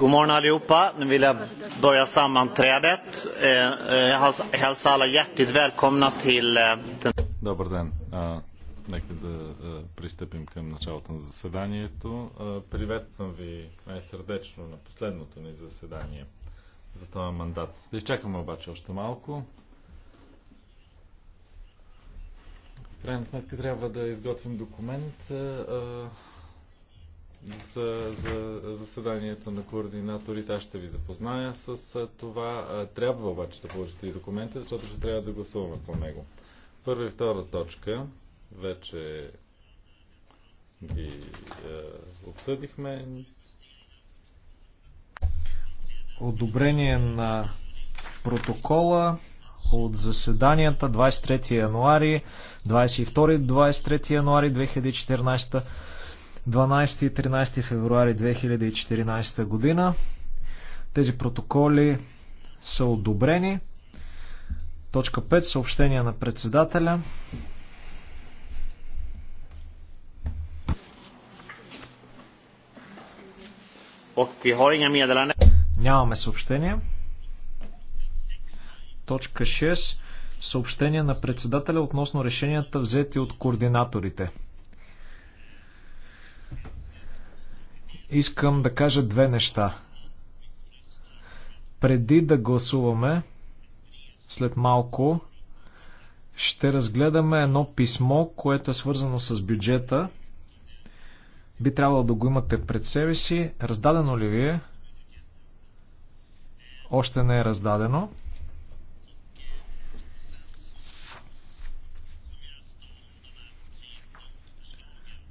God morgon allihopa. Nu vill jag börja sammanträdet. Jag eh, eh, hälsar alla hjärtligt välkomna till eh, den... Добър ден. Нека да пристъпим към началото на заседанието. Приветствам ви най-сърдечно на последното ни заседание за този мандат. Да изчакаме обаче още малко. В крайна сметка трябва да изготвим документ за, за заседанието на координаторите. Аз ще ви запозная с това. Трябва обаче да получите и документа, защото ще трябва да гласуваме по него. Първа и втора точка вече ги е, обсъдихме. Одобрение на протокола от заседанията 23 януари, 22-23 януари 2014 12 и 13 февруари 2014 година. Тези протоколи са одобрени. Точка 5. Съобщение на председателя. Ами, Нямаме съобщение. Точка 6. Съобщение на председателя относно решенията взети от координаторите. искам да кажа две неща. Преди да гласуваме, след малко, ще разгледаме едно писмо, което е свързано с бюджета. Би трябвало да го имате пред себе си. Раздадено ли ви е? Още не е раздадено.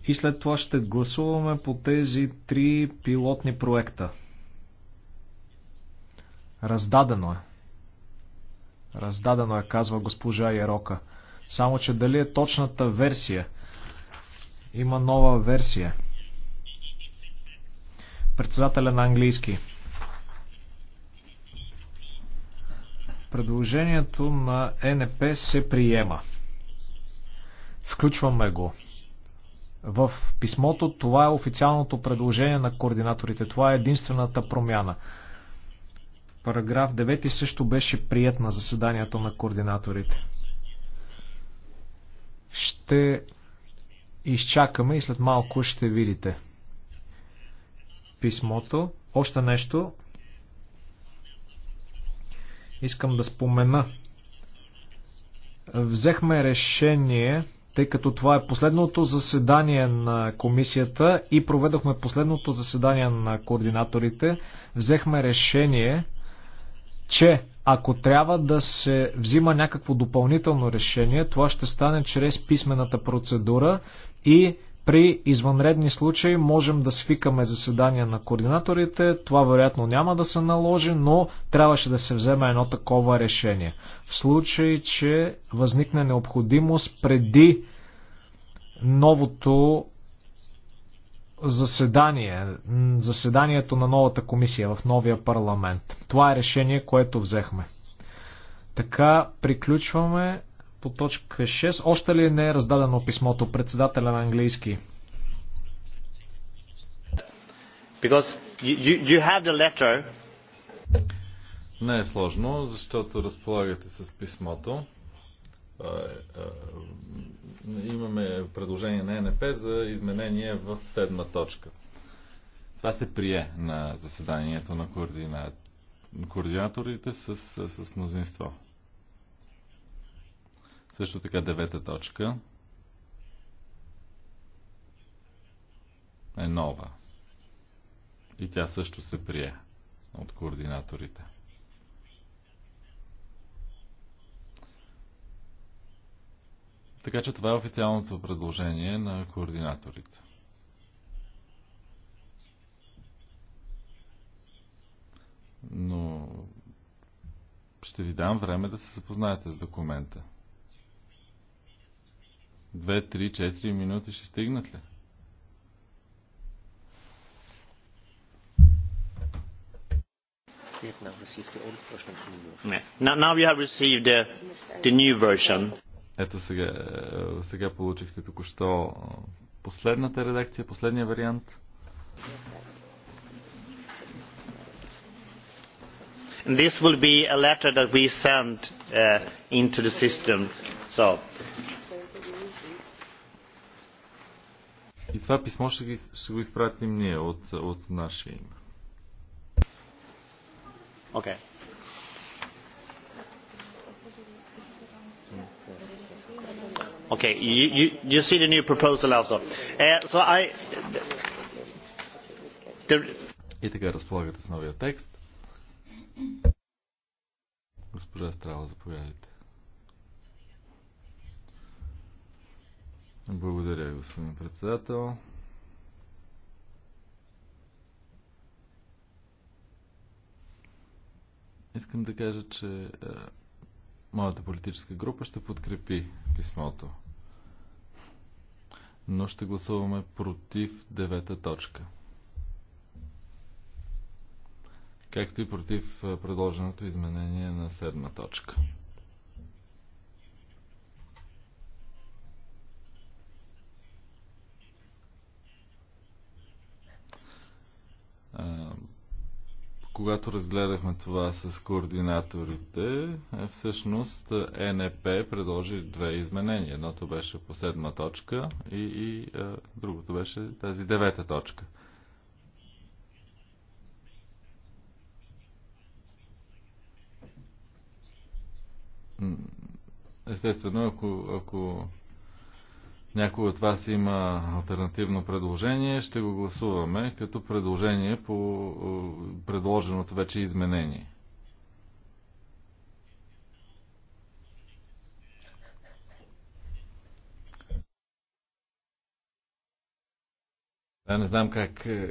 и след това ще гласуваме по тези три пилотни проекта. Раздадено е. Раздадено е, казва госпожа Ярока. Само, че дали е точната версия? Има нова версия. Председателя на английски. Предложението на НП се приема. Включваме го. В писмото това е официалното предложение на координаторите. Това е единствената промяна. Параграф 9 също беше прият на заседанието на координаторите. Ще изчакаме и след малко ще видите писмото. Още нещо. Искам да спомена. Взехме решение тъй като това е последното заседание на комисията и проведохме последното заседание на координаторите, взехме решение, че ако трябва да се взима някакво допълнително решение, това ще стане чрез писмената процедура и при извънредни случаи можем да свикаме заседания на координаторите. Това вероятно няма да се наложи, но трябваше да се вземе едно такова решение. В случай, че възникне необходимост преди новото заседание, заседанието на новата комисия в новия парламент. Това е решение, което взехме. Така приключваме по точка 6. Още ли не е раздадено писмото председателя на английски? Because you, you have the letter. Не е сложно, защото разполагате с писмото. Имаме предложение на НП за изменение в седма точка. Това се прие на заседанието на координаторите с, с мнозинство. Също така девета точка е нова. И тя също се прие от координаторите. Така че това е официалното предложение на координаторите. Но ще ви дам време да се запознаете с документа. Две, три, четири минути ще стигнат ли? Ето сега, е, сега получихте току-що е, последната редакция, последния вариант. This will be a letter that we send uh, into the system. So, И това писмо ще, ги, ще го изпратим ние от, от наше име. Окей. Okay. Okay, you, you, you see the new proposal also. Uh, eh, so I, the... И така разполагате с новия текст. Госпожа Страва, заповядайте. Благодаря, господин председател. Искам да кажа, че е, моята политическа група ще подкрепи писмото. Но ще гласуваме против девета точка. Както и против е, предложеното изменение на седма точка. когато разгледахме това с координаторите, е, всъщност е, НП предложи две изменения. Едното беше по седма точка и, и а, е, другото беше тази девета точка. Естествено, ако, ако някой от вас има альтернативно предложение, ще го гласуваме като предложение по предложеното вече изменение. Да, не знам как. Е,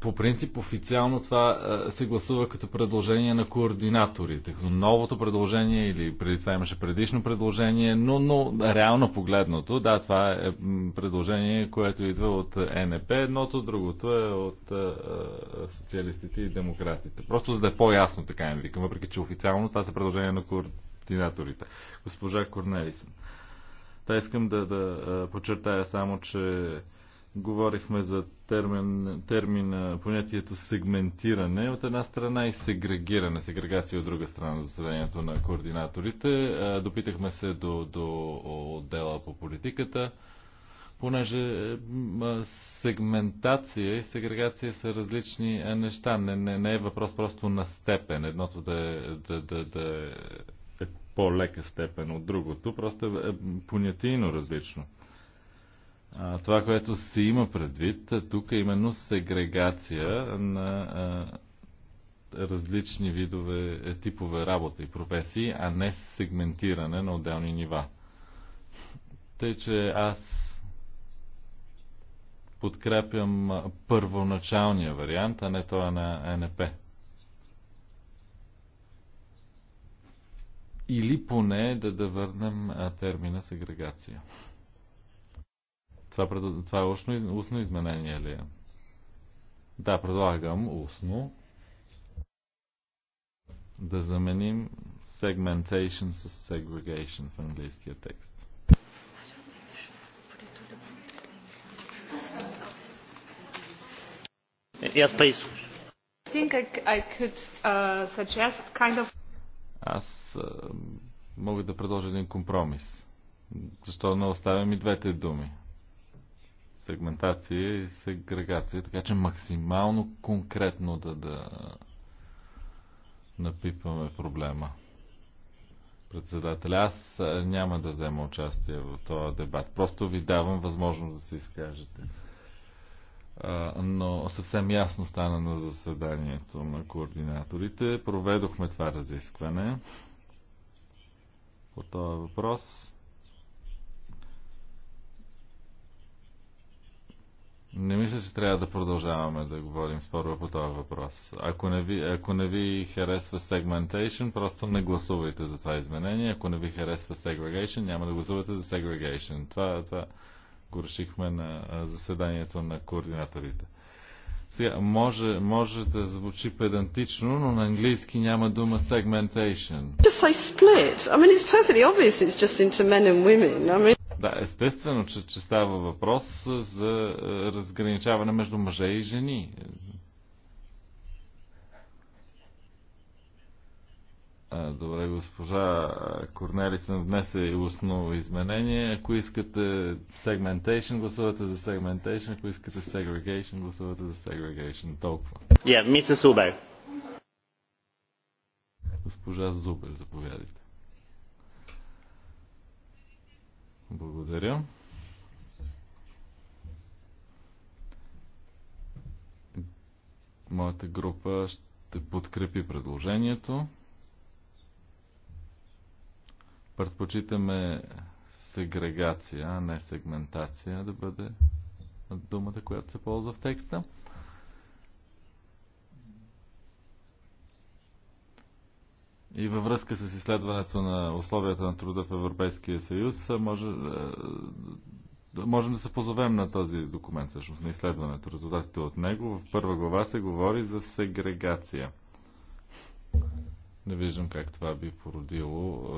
по принцип, официално това е, се гласува като предложение на координаторите. новото предложение или преди това имаше предишно предложение, но, но реално погледното, да, това е предложение, което идва от НП, едното, другото е от е, социалистите и демократите. Просто за да е по-ясно, така им викам, въпреки че официално това са предложения на координаторите. Госпожа Корнелисън. Та искам да, да подчертая само, че Говорихме за термин, термина, понятието сегментиране от една страна и сегрегиране, сегрегация от друга страна на заседанието на координаторите. Допитахме се до, до отдела по политиката понеже сегментация и сегрегация са различни неща. Не, не, не е въпрос просто на степен. Едното да е, да, да, да е, е по-лека степен от другото, просто е, е понятийно различно това, което се има предвид, тук е именно сегрегация на различни видове, е, типове работа и професии, а не сегментиране на отделни нива. Тъй, че аз подкрепям първоначалния вариант, а не това на НП. Или поне да, да върнем термина сегрегация. Това, пред... това е устно, устно изменение ли е? Да, предлагам устно да заменим segmentation с segregation в английския текст. Yes, please. I think I, I could uh, suggest kind of... Аз uh, мога да предложа един компромис. Защо не оставям и двете думи? сегментация и сегрегация, така че максимално конкретно да, да напипаме проблема. Председател, аз няма да взема участие в този дебат. Просто ви давам възможност да се изкажете. Но съвсем ясно стана на заседанието на координаторите. Проведохме това разискване по този въпрос. Не мисля, че трябва да продължаваме да говорим спорва по този въпрос. Ако не ви, ако не ви харесва segmentation, просто не гласувайте за това изменение. Ако не ви харесва segregation, няма да гласувате за segregation. Това, това го решихме на заседанието на координаторите. Сега, може, може да звучи педантично, но на английски няма дума segmentation. Just say split. I mean, it's perfectly obvious it's just into men and women. I mean... Да, естествено, че, че става въпрос за е, разграничаване между мъже и жени. Добре, госпожа Корнелисен внесе и устно изменение. Ако искате segmentation, гласувате за segmentation. Ако искате segregation, гласувате за segregation. Толкова. Yeah, Mrs. Zuber. Госпожа Зубер, заповядайте. Благодаря. Моята група ще подкрепи предложението. Предпочитаме сегрегация, а не сегментация да бъде думата, която се ползва в текста. И във връзка с изследването на условията на труда в Европейския съюз, може, можем да се позовем на този документ, всъщност, на изследването, резултатите от него. В първа глава се говори за сегрегация. Не виждам как това би породило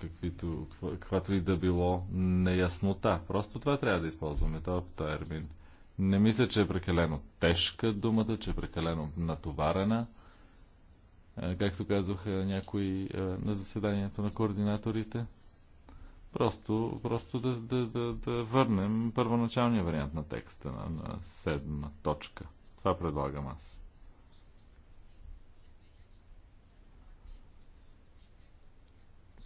каквито, каквато и да било неяснота. Просто това трябва да използваме, този термин. Не мисля, че е прекалено тежка думата, че е прекалено натоварена – както казваха някои на заседанието на координаторите. Просто, просто да, да, да, да върнем първоначалния вариант на текста на, на седма точка. Това предлагам аз.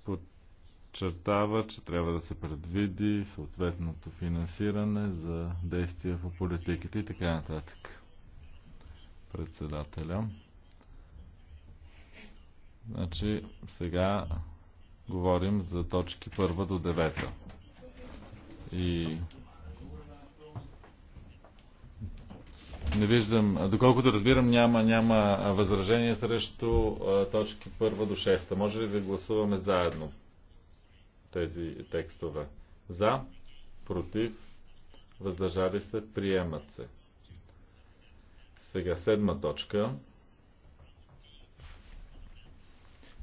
подчертава, че трябва да се предвиди съответното финансиране за действия по политиките и така нататък. Председателя. Значи сега говорим за точки първа до девета. И не виждам, доколкото разбирам, няма, няма възражение срещу точки първа до шеста. Може ли да гласуваме заедно тези текстове? За, против, въздържали се, приемат се. Сега седма точка.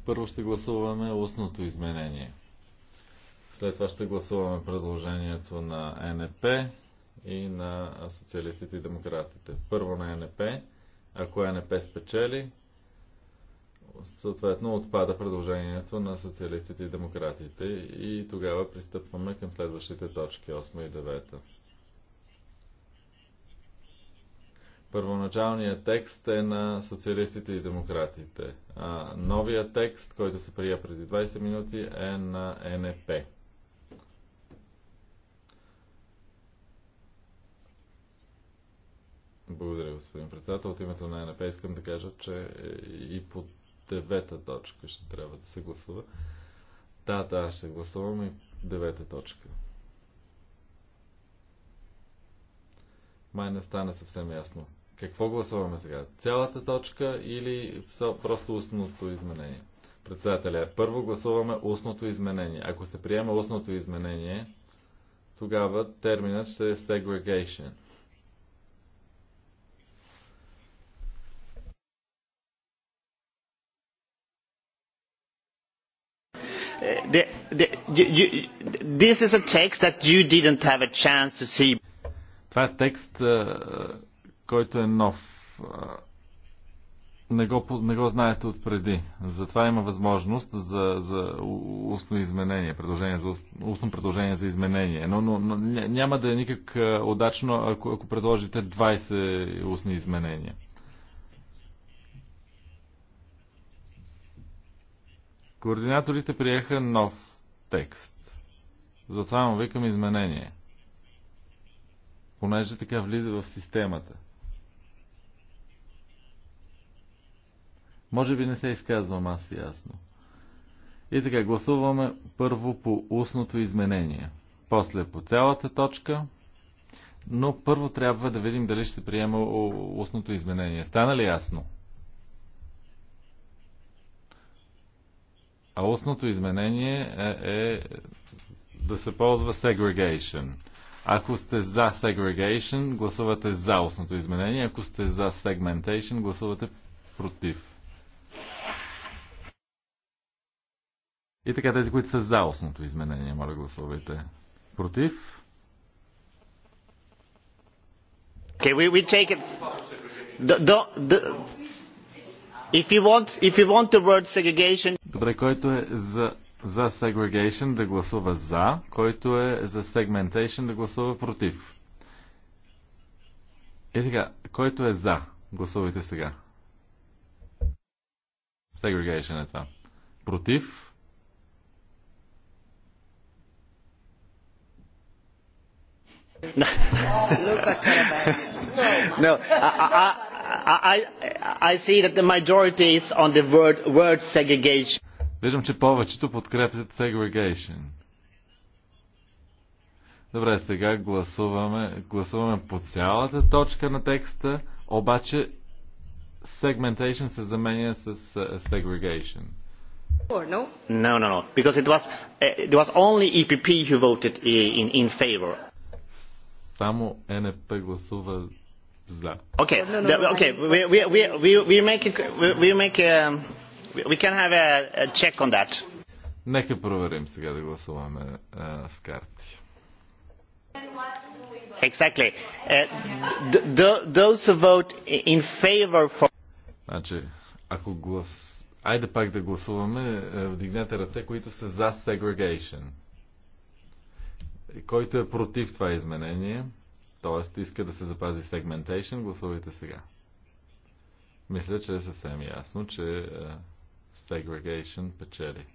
Първо ще гласуваме устното изменение. След това ще гласуваме предложението на НП и на социалистите и демократите. Първо на НП. Ако НП спечели, съответно отпада предложението на социалистите и демократите и тогава пристъпваме към следващите точки 8 и 9. Първоначалният текст е на социалистите и демократите. А новия текст, който се прия преди 20 минути, е на НП. Благодаря, господин председател. От името на НП искам да кажа, че и по девета точка ще трябва да се гласува. Да, да, ще гласувам и девета точка. Май не стана съвсем ясно какво гласуваме сега? Цялата точка или просто устното изменение? Председателя, първо гласуваме устното изменение. Ако се приема устното изменение, тогава терминът ще е segregation. The, the, you, this is a text that you didn't have a chance to see. Това е текст, който е нов. Не го, не го знаете отпреди. Затова има възможност за, за устно изменение, предложение за устно предложение за изменение. Но, но, но няма да е никак удачно, ако, ако предложите 20 устни изменения. Координаторите приеха нов текст. Затова му викам изменение. Понеже така влиза в системата. Може би не се изказвам аз ясно. И така, гласуваме първо по устното изменение, после по цялата точка, но първо трябва да видим дали ще се приема устното изменение. Стана ли ясно? А устното изменение е, е да се ползва segregation. Ако сте за segregation, гласувате за устното изменение. Ако сте за segmentation, гласувате против. И така, тези, които са за осното изменение, моля гласувайте. Против? Okay, we, we take it. The, the, the... If you want, if you want the word segregation... Добре, който е за, за segregation да гласува за, който е за segmentation да гласува против. И така, който е за, гласувайте сега. Segregation е това. Против? no, I, I, I see that the majority is on the word, word segregation. Виждам, че повечето подкрепят segregation. Добре, сега гласуваме, гласуваме по цялата точка на текста, обаче segmentation се заменя с segregation. No, no, no, because it was, it was only EPP who voted in, in favor само НП гласува за. Okay, okay. We, we, we, we, make a, we make a, we can have a, a check on that. Нека проверим сега да гласуваме а, с карти. Exactly. Uh, those who vote in favor for... Значи, ако глас... Айде пак да гласуваме, е, вдигнете ръце, които са за segregation. Който е против това изменение, т.е. иска да се запази segmentation, гласувайте сега. Мисля, че е съвсем ясно, че е, segregation печели.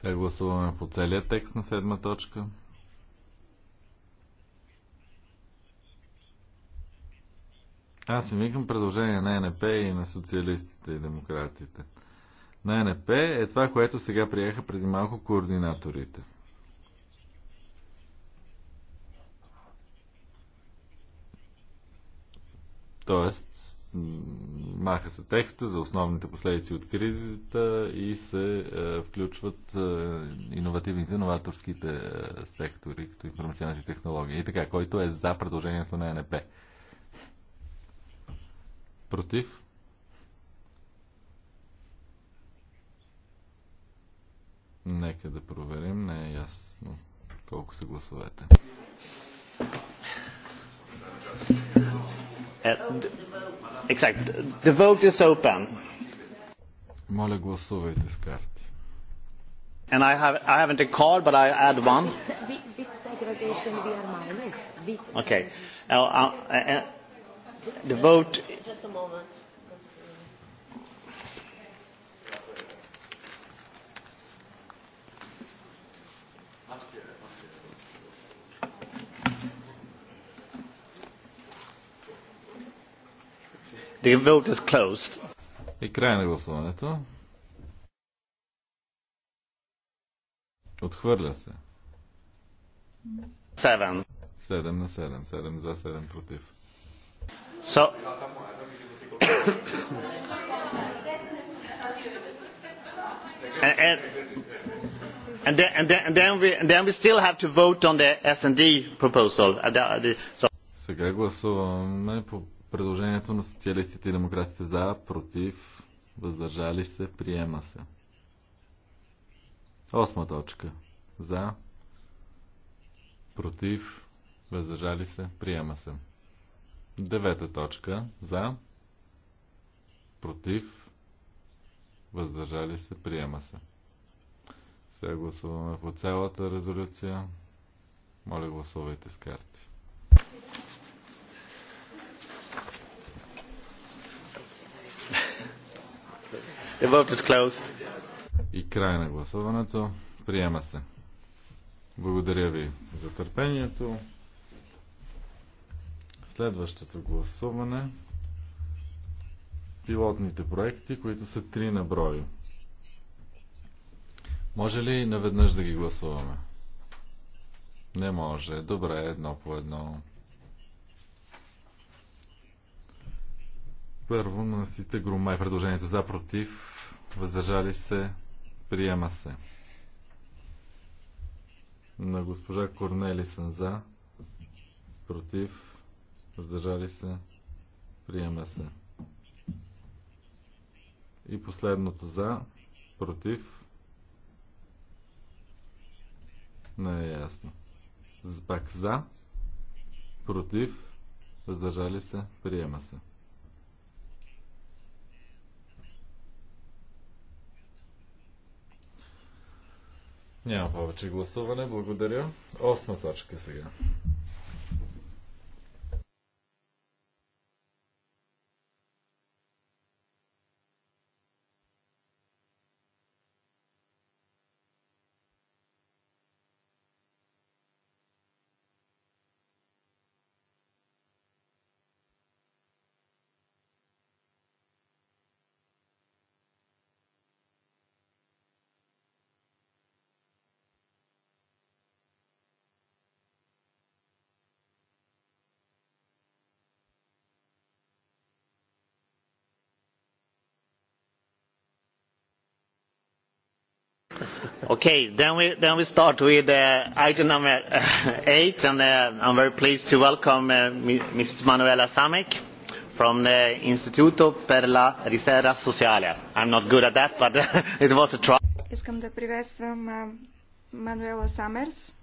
Сега гласуваме по целия текст на седма точка. Аз си викам предложение на НП и на социалистите и демократите на НП е това, което сега приеха преди малко координаторите. Тоест, маха се текста за основните последици от кризата и се е, включват е, иновативните, новаторските е, сектори, като информационните технологии. И така, който е за предложението на НП. Против? Нека да проверим, не е ясно колко са гласовете. Exact. The vote is open. Моля, гласувайте с карти. And I, have, I haven't a card, but I add one. Okay. Uh, uh, uh, the vote. Just a moment. The vote is closed. И край на гласуването. Отхвърля се. 7. 7 на 7. 7 за 7 против. So... and, and, and, and then we and then we still have to vote on the S&D proposal. So... Сега гласуваме по Предложението на социалистите и демократите за, против, въздържали се, приема се. Осма точка. За, против, въздържали се, приема се. Девета точка. За, против, въздържали се, приема се. Сега гласуваме по цялата резолюция. Моля гласувайте с карти. The vote is closed. И край на гласуването. Приема се. Благодаря ви за търпението. Следващото гласуване. Пилотните проекти, които са три на брой. Може ли наведнъж да ги гласуваме? Не може. Добре, едно по едно. Първо на Сите Грумай. Предложението за против. Въздържали се. Приема се. На госпожа Корнели съм за. Против. Въздържали се. Приема се. И последното за. Против. Не е ясно. Пак за. Против. Въздържали се. Приема се. Няма повече гласуване. Благодаря. Осма точка сега. Okay, then we, start with uh, item number uh, eight, and uh, I'm very pleased to welcome Mrs. Manuela Samek from the Instituto per la Ricerca Sociale. I'm not good at that, but it was a try. Искам да приветствам Мануела Самерс.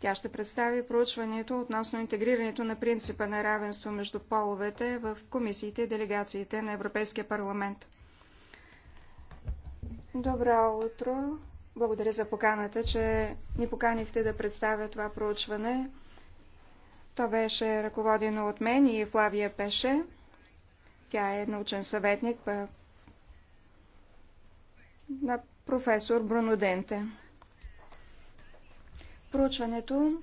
Тя ще представи проучването относно интегрирането на принципа на равенство между половете в комисиите и делегациите на Европейския парламент. Добро утро! Благодаря за поканата, че ни поканихте да представя това проучване. То беше ръководено от мен и Флавия Пеше. Тя е научен съветник на професор Бруно Денте. Проучването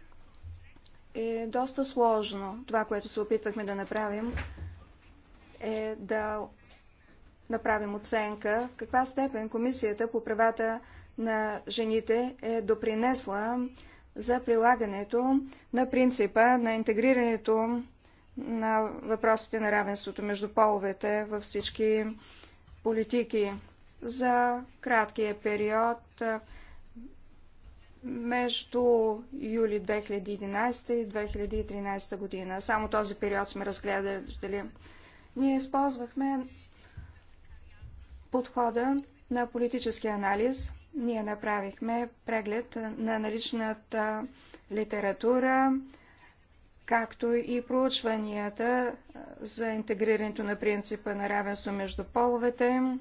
е доста сложно. Това, което се опитвахме да направим, е да направим оценка в каква степен Комисията по правата на жените е допринесла за прилагането на принципа на интегрирането на въпросите на равенството между половете във всички политики. За краткия период между юли 2011 и 2013 година. Само този период сме разгледали. Ние използвахме подхода на политически анализ. Ние направихме преглед на наличната литература, както и проучванията за интегрирането на принципа на равенство между половете.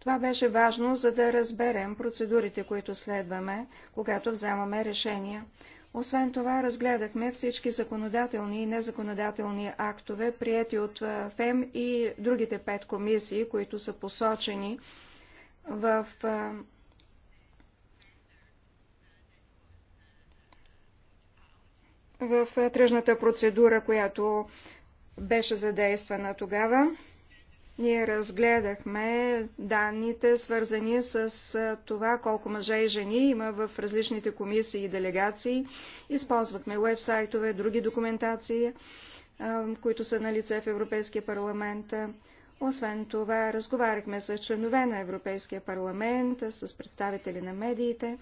Това беше важно, за да разберем процедурите, които следваме, когато вземаме решения. Освен това, разгледахме всички законодателни и незаконодателни актове, прияти от ФЕМ и другите пет комисии, които са посочени в в тръжната процедура, която беше задействана тогава. Ние разгледахме данните, свързани с това колко мъже и жени има в различните комисии и делегации. Използвахме уебсайтове, други документации, които са на лице в Европейския парламент. Освен това, разговаряхме с членове на Европейския парламент, с представители на медиите,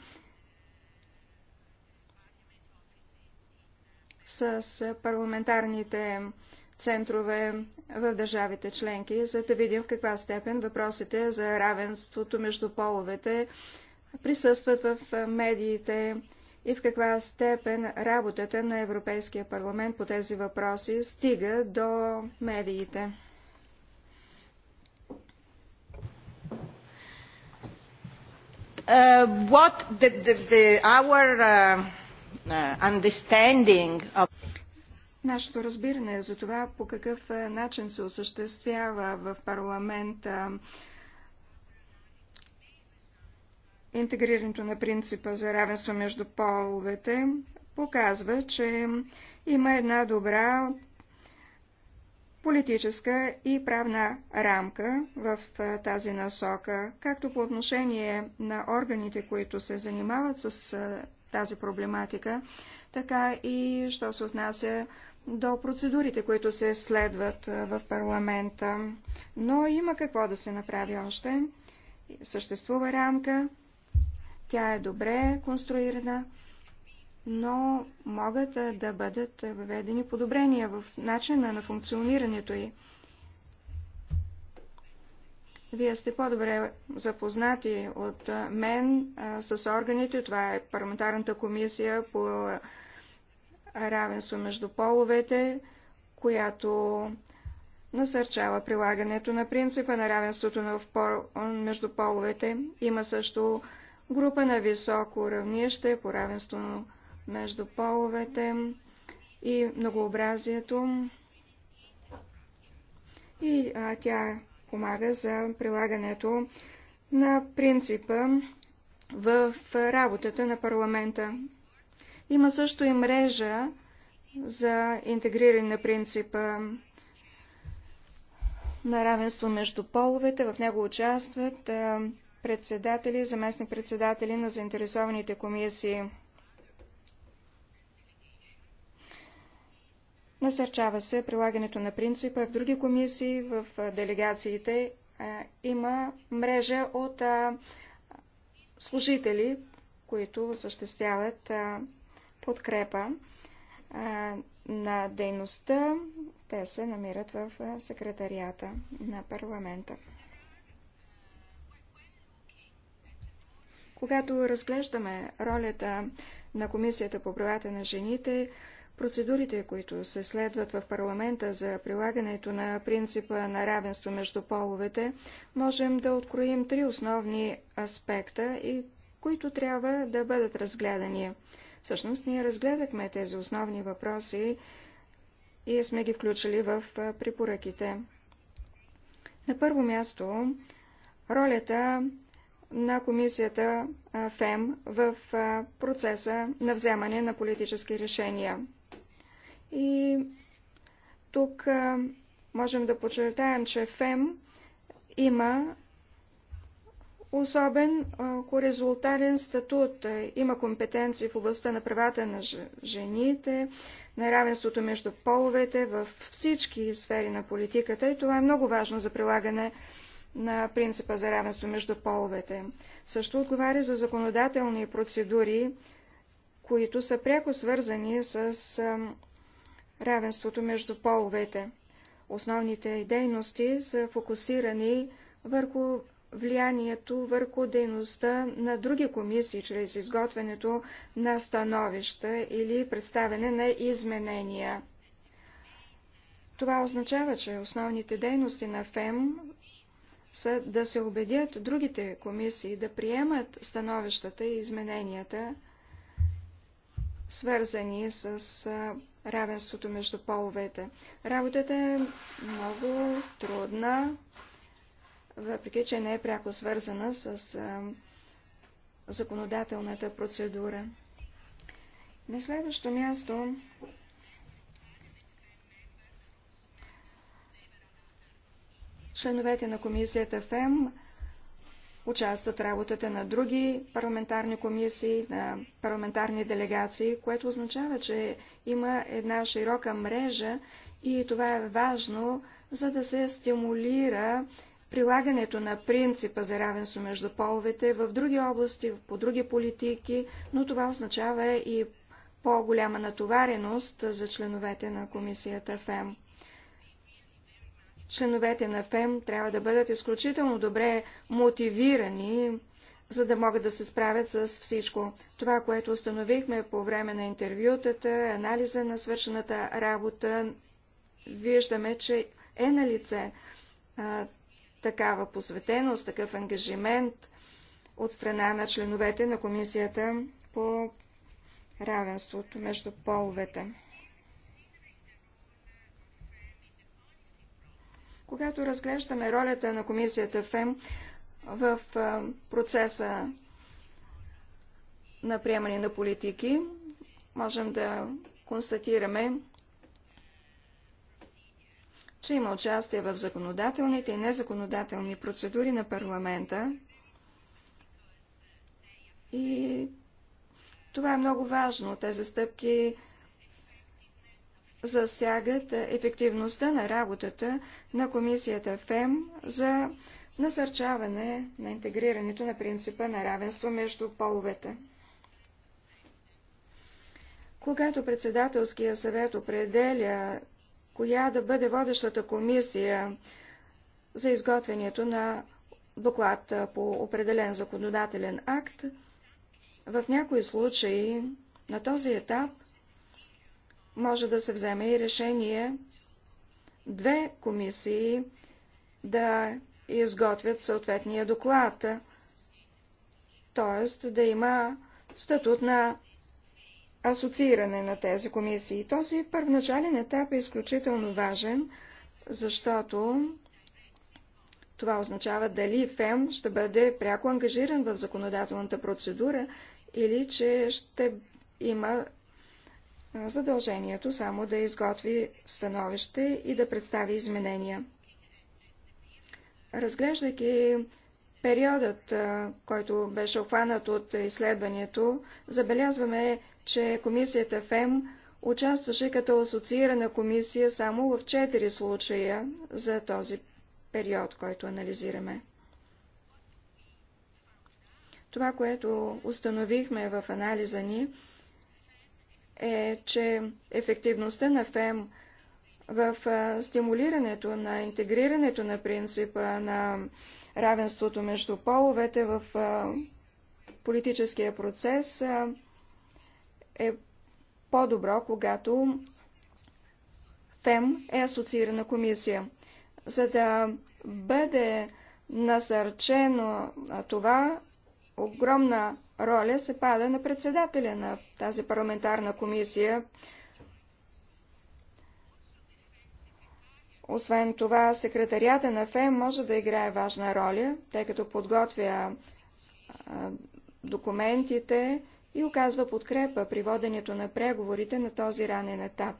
с парламентарните центрове в държавите членки, за да видим в каква степен въпросите за равенството между половете присъстват в медиите и в каква степен работата на Европейския парламент по тези въпроси стига до медиите. Uh, what the, the, the, our uh, uh, understanding of Нашето разбиране за това по какъв начин се осъществява в парламента интегрирането на принципа за равенство между половете показва, че има една добра политическа и правна рамка в тази насока, както по отношение на органите, които се занимават с тази проблематика, така и що се отнася до процедурите, които се следват в парламента. Но има какво да се направи още. Съществува рамка, тя е добре конструирана, но могат да бъдат въведени подобрения в начина на функционирането й. Вие сте по-добре запознати от мен с органите. Това е парламентарната комисия по равенство между половете, която насърчава прилагането на принципа на равенството между половете. Има също група на високо равнище по равенство между половете и многообразието. И а, тя помага за прилагането на принципа в работата на парламента. Има също и мрежа за интегриране на принципа на равенство между половете. В него участват председатели заместни председатели на заинтересованите комисии. Насърчава се прилагането на принципа в други комисии, в делегациите. Има мрежа от служители, които осъществяват подкрепа на дейността. Те се намират в секретарията на парламента. Когато разглеждаме ролята на Комисията по правата на жените, процедурите, които се следват в парламента за прилагането на принципа на равенство между половете, можем да откроим три основни аспекта, и които трябва да бъдат разгледани. Всъщност ние разгледахме тези основни въпроси и сме ги включили в препоръките. На първо място, ролята на комисията ФЕМ в процеса на вземане на политически решения. И тук можем да подчертаем, че ФЕМ има особен резултатен статут. Има компетенции в областта на правата на жените, на равенството между половете във всички сфери на политиката и това е много важно за прилагане на принципа за равенство между половете. Също отговаря за законодателни процедури, които са пряко свързани с равенството между половете. Основните дейности са фокусирани върху влиянието върху дейността на други комисии чрез изготвянето на становища или представяне на изменения. Това означава, че основните дейности на ФЕМ са да се убедят другите комисии да приемат становищата и измененията, свързани с равенството между половете. Работата е много трудна, въпреки че не е пряко свързана с законодателната процедура. На следващо място членовете на комисията ФЕМ участват в работата на други парламентарни комисии, на парламентарни делегации, което означава, че има една широка мрежа и това е важно, за да се стимулира прилагането на принципа за равенство между половете в други области, по други политики, но това означава и по-голяма натовареност за членовете на комисията ФЕМ. Членовете на ФЕМ трябва да бъдат изключително добре мотивирани, за да могат да се справят с всичко. Това, което установихме по време на интервютата, анализа на свършената работа, виждаме, че е на лице такава посветеност, такъв ангажимент от страна на членовете на Комисията по равенството между половете. Когато разглеждаме ролята на Комисията ФЕМ в процеса на приемане на политики, можем да констатираме, че има участие в законодателните и незаконодателни процедури на парламента. И това е много важно. Тези стъпки засягат ефективността на работата на комисията ФЕМ за насърчаване на интегрирането на принципа на равенство между половете. Когато председателския съвет определя коя да бъде водещата комисия за изготвянето на доклад по определен законодателен акт. В някои случаи на този етап може да се вземе и решение две комисии да изготвят съответния доклад, т.е. да има статут на асоцииране на тези комисии. Този първоначален етап е изключително важен, защото това означава дали ФЕМ ще бъде пряко ангажиран в законодателната процедура или че ще има задължението само да изготви становище и да представи изменения. Разглеждайки периодът, който беше обхванат от изследването, забелязваме че комисията ФЕМ участваше като асоциирана комисия само в четири случая за този период, който анализираме. Това, което установихме в анализа ни, е, че ефективността на ФЕМ в стимулирането на интегрирането на принципа на равенството между половете в политическия процес е по-добро, когато ФЕМ е асоциирана комисия. За да бъде насърчено това, огромна роля се пада на председателя на тази парламентарна комисия. Освен това, секретарията на ФЕМ може да играе важна роля, тъй като подготвя документите, и оказва подкрепа при воденето на преговорите на този ранен етап.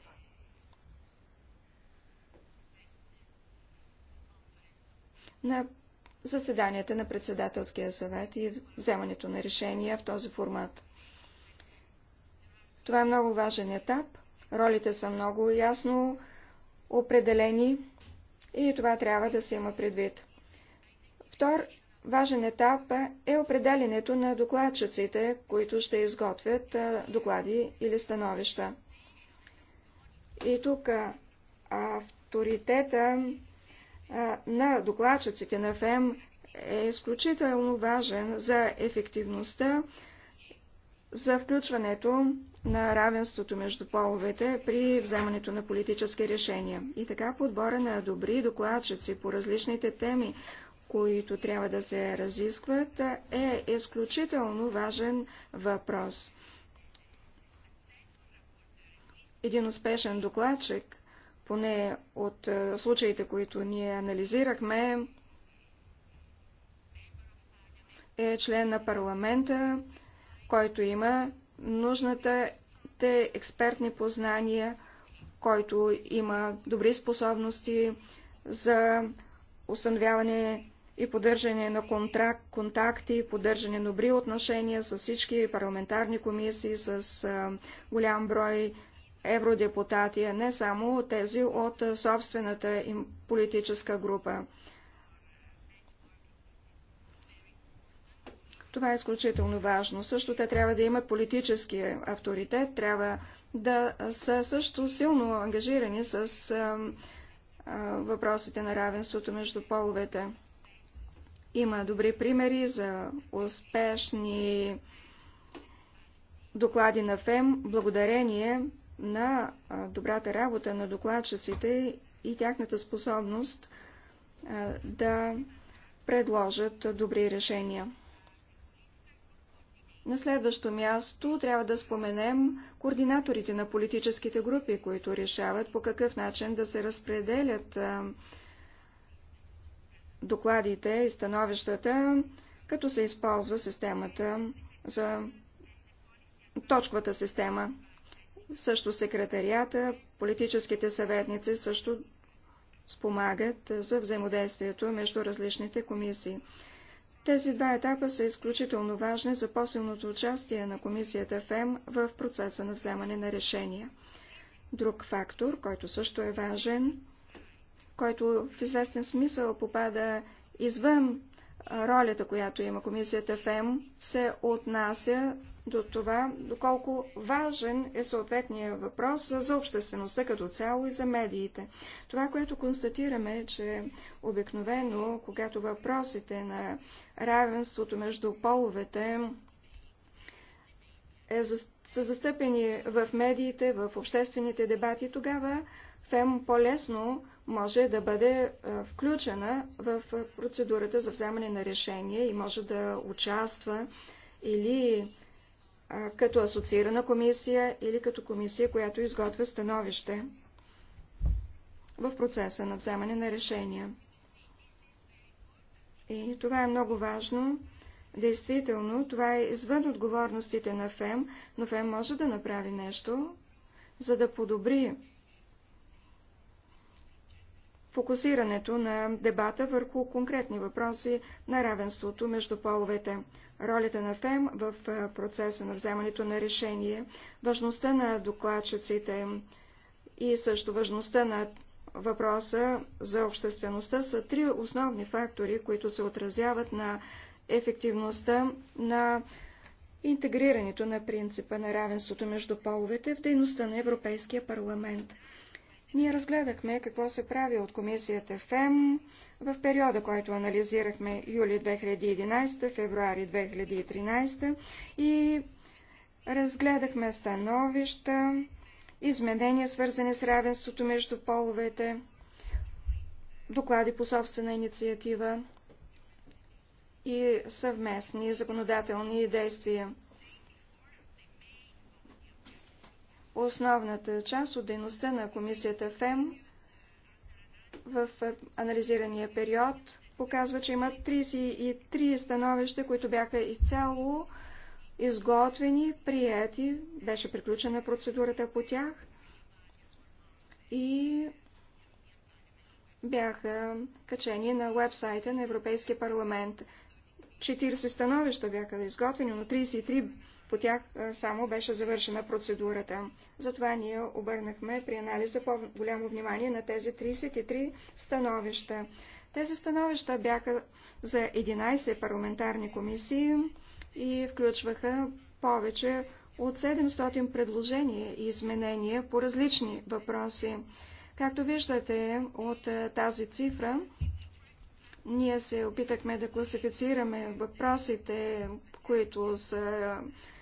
На заседанията на председателския съвет и вземането на решения в този формат. Това е много важен етап. Ролите са много ясно определени и това трябва да се има предвид. Втор Важен етап е определенето на докладчиците, които ще изготвят доклади или становища. И тук авторитета на докладчиците на ФЕМ е изключително важен за ефективността, за включването на равенството между половете при вземането на политически решения. И така подбора на добри докладчици по различните теми които трябва да се разискват, е изключително важен въпрос. Един успешен докладчик, поне от е, случаите, които ние анализирахме, е член на парламента, който има нужната те експертни познания, който има добри способности за установяване и поддържане на контракт, контакти, поддържане на добри отношения с всички парламентарни комисии, с а, голям брой евродепутати, а не само тези от собствената им политическа група. Това е изключително важно. Също те трябва да имат политически авторитет, трябва да са също силно ангажирани с а, въпросите на равенството между половете. Има добри примери за успешни доклади на ФЕМ, благодарение на добрата работа на докладчиците и тяхната способност да предложат добри решения. На следващо място трябва да споменем координаторите на политическите групи, които решават по какъв начин да се разпределят докладите и становищата, като се използва системата за точковата система. Също секретарията, политическите съветници също спомагат за взаимодействието между различните комисии. Тези два етапа са изключително важни за по-силното участие на комисията ФЕМ в процеса на вземане на решения. Друг фактор, който също е важен, който в известен смисъл попада извън ролята, която има комисията ФЕМ, се отнася до това, доколко важен е съответния въпрос за обществеността като цяло и за медиите. Това, което констатираме е, че обикновено, когато въпросите на равенството между половете е, за... са застъпени в медиите, в обществените дебати, тогава ФЕМ по-лесно може да бъде е, включена в е, процедурата за вземане на решение и може да участва или е, като асоциирана комисия, или като комисия, която изготвя становище в процеса на вземане на решения. И това е много важно. Действително, това е извън отговорностите на ФЕМ, но ФЕМ може да направи нещо, за да подобри фокусирането на дебата върху конкретни въпроси на равенството между половете, ролята на ФЕМ в процеса на вземането на решение, важността на докладчиците и също важността на въпроса за обществеността са три основни фактори, които се отразяват на ефективността на интегрирането на принципа на равенството между половете в дейността на Европейския парламент. Ние разгледахме какво се прави от комисията ФЕМ в периода, който анализирахме юли 2011, февруари 2013 и разгледахме становища, изменения, свързани с равенството между половете, доклади по собствена инициатива и съвместни законодателни действия. основната част от дейността на комисията ФЕМ в е, анализирания период показва, че има 33 становища, които бяха изцяло изготвени, прияти, беше приключена процедурата по тях и бяха качени на вебсайта на Европейския парламент. 40 становища бяха изготвени, но 33 по тях само беше завършена процедурата. Затова ние обърнахме при анализа по-голямо внимание на тези 33 становища. Тези становища бяха за 11 парламентарни комисии и включваха повече от 700 предложения и изменения по различни въпроси. Както виждате от тази цифра, ние се опитахме да класифицираме въпросите, които са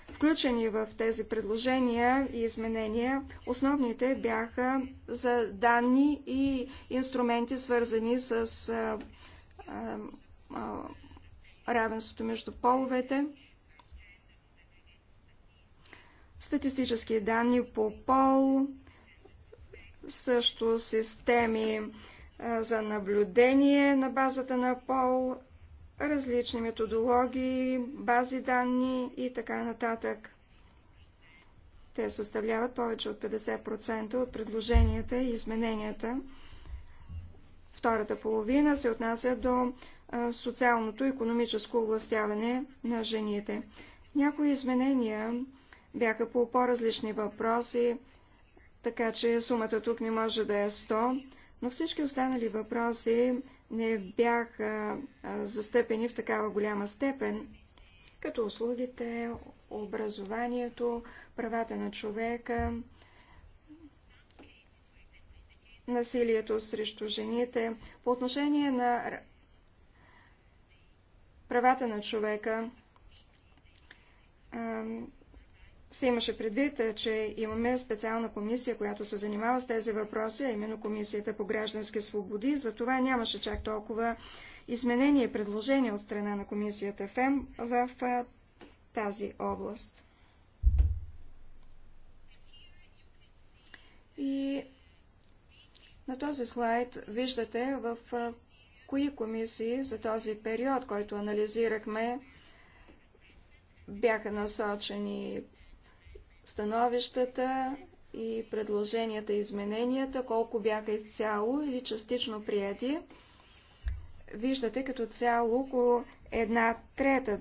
Включени в тези предложения и изменения, основните бяха за данни и инструменти, свързани с а, а, а, равенството между половете, статистически данни по пол, също системи за наблюдение на базата на пол, различни методологии, бази данни и така нататък. Те съставляват повече от 50% от предложенията и измененията. Втората половина се отнася до социалното и економическо областяване на жените. Някои изменения бяха по по-различни въпроси, така че сумата тук не може да е 100, но всички останали въпроси не бяха застъпени в такава голяма степен, като услугите, образованието, правата на човека, насилието срещу жените. По отношение на правата на човека, се имаше предвид, е, че имаме специална комисия, която се занимава с тези въпроси, а именно Комисията по граждански свободи. За това нямаше чак толкова изменения и предложения от страна на Комисията ФЕМ в е, тази област. И на този слайд виждате в е, кои комисии за този период, който анализирахме, бяха насочени становищата и предложенията, измененията, колко бяха изцяло или частично прияти. Виждате като цяло около една трета,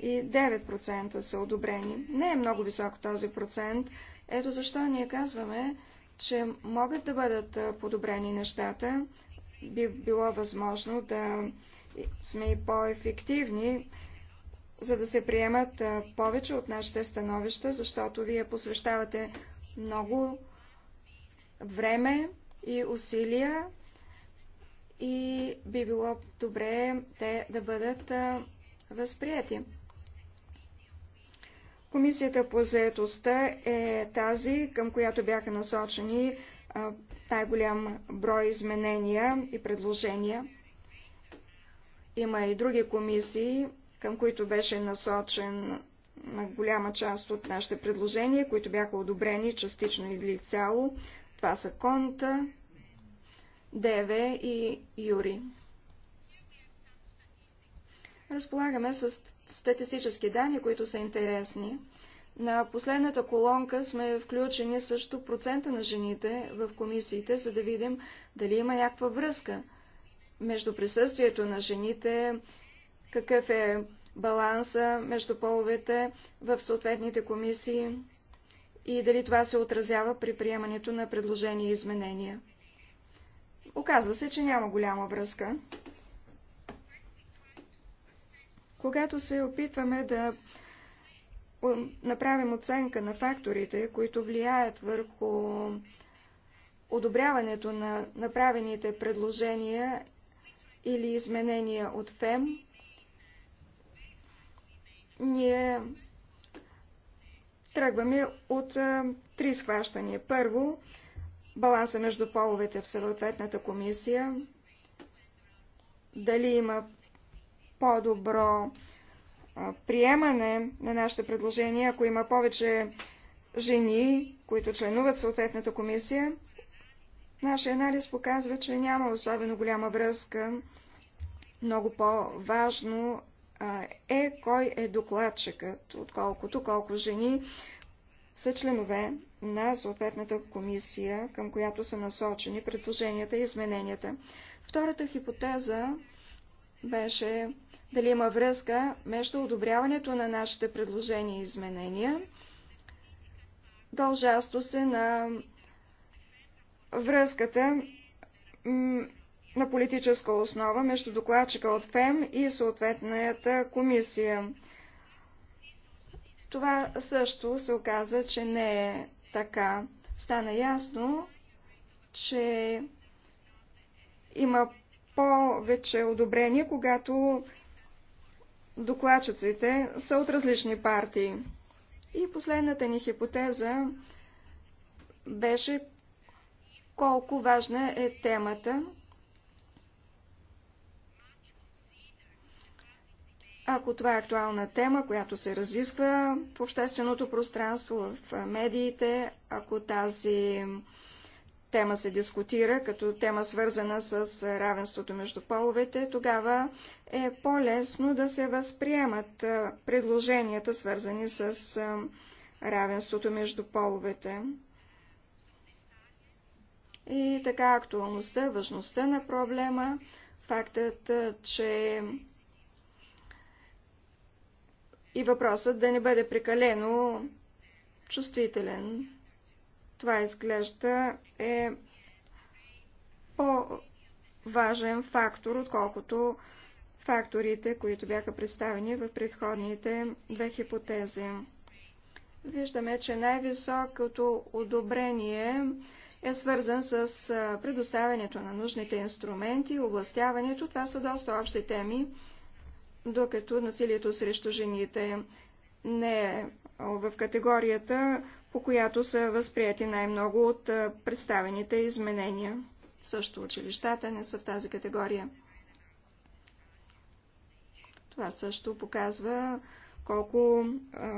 29% са одобрени. Не е много висок този процент. Ето защо ние казваме, че могат да бъдат подобрени нещата. Би било възможно да сме и по-ефективни за да се приемат повече от нашите становища, защото вие посвещавате много време и усилия и би било добре те да бъдат възприяти. Комисията по заетостта е тази, към която бяха насочени най-голям брой изменения и предложения. Има и други комисии, към които беше насочен на голяма част от нашите предложения, които бяха одобрени частично или цяло. Това са Конта, ДВ и Юри. Разполагаме с статистически данни, които са интересни. На последната колонка сме включени също процента на жените в комисиите, за да видим дали има някаква връзка между присъствието на жените, какъв е баланса между половете в съответните комисии и дали това се отразява при приемането на предложения и изменения. Оказва се, че няма голяма връзка. Когато се опитваме да направим оценка на факторите, които влияят върху одобряването на направените предложения или изменения от ФЕМ, ние тръгваме от а, три схващания. Първо, баланса между половете в съответната комисия, дали има по-добро приемане на нашите предложения, ако има повече жени, които членуват съответната комисия. Нашия анализ показва, че няма особено голяма връзка. Много по-важно е кой е докладчикът, отколкото колко жени са членове на съответната комисия, към която са насочени предложенията и измененията. Втората хипотеза беше дали има връзка между одобряването на нашите предложения и изменения, дължасто се на връзката на политическа основа между докладчика от ФЕМ и съответната комисия. Това също се оказа, че не е така. Стана ясно, че има повече одобрение, когато докладчиците са от различни партии. И последната ни хипотеза беше колко важна е темата ако това е актуална тема, която се разисква в общественото пространство, в медиите, ако тази тема се дискутира като тема свързана с равенството между половете, тогава е по-лесно да се възприемат предложенията, свързани с равенството между половете. И така актуалността, важността на проблема, фактът, че и въпросът да не бъде прекалено чувствителен. Това изглежда е по-важен фактор, отколкото факторите, които бяха представени в предходните две хипотези. Виждаме, че най-високото одобрение е свързан с предоставянето на нужните инструменти, областяването. Това са доста общи теми докато насилието срещу жените не е в категорията, по която са възприяти най-много от представените изменения. Също училищата не са в тази категория. Това също показва колко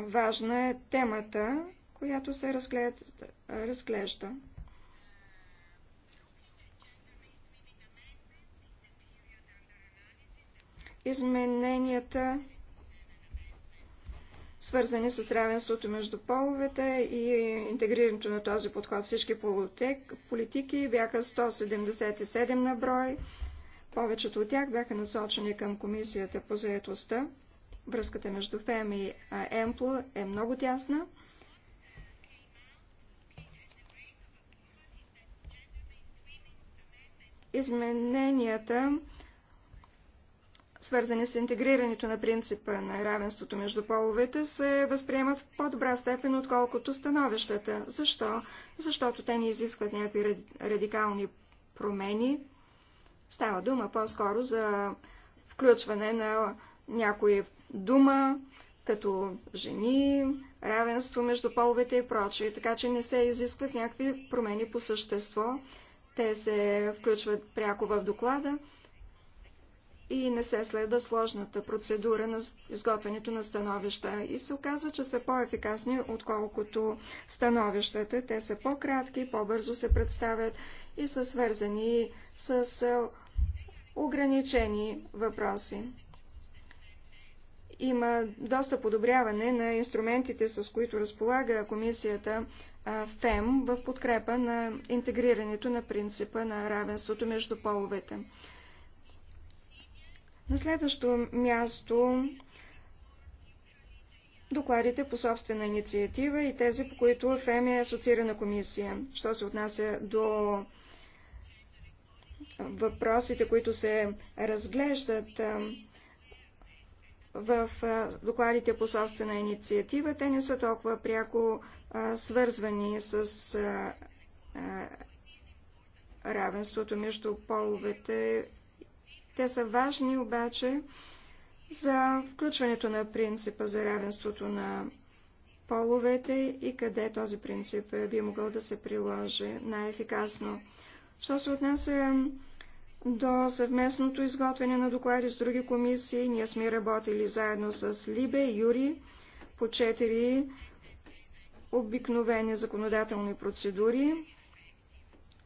важна е темата, която се разглежда. измененията, свързани с равенството между половете и интегрирането на този подход. Всички политики бяха 177 на брой. Повечето от тях бяха насочени към Комисията по заедостта. Връзката между ФЕМ и ЕМПЛ е много тясна. Измененията свързани с интегрирането на принципа на равенството между половете, се възприемат в по-добра степен, отколкото становищата. Защо? Защото те не изискват някакви радикални промени. Става дума по-скоро за включване на някои дума, като жени, равенство между половете и прочие, така че не се изискват някакви промени по същество. Те се включват пряко в доклада и не се следва сложната процедура на изготвянето на становища. И се оказва, че са по-ефикасни, отколкото становищата. Те са по-кратки, по-бързо се представят и са свързани с ограничени въпроси. Има доста подобряване на инструментите, с които разполага комисията ФЕМ в подкрепа на интегрирането на принципа на равенството между половете. На следващо място докладите по собствена инициатива и тези, по които ФЕМ е асоциирана комисия. Що се отнася до въпросите, които се разглеждат в докладите по собствена инициатива, те не са толкова пряко свързвани с равенството между половете те са важни обаче за включването на принципа за равенството на половете и къде този принцип е, би могъл да се приложи най-ефикасно. Що се отнася до съвместното изготвяне на доклади с други комисии, ние сме работили заедно с Либе, и Юри по четири обикновени законодателни процедури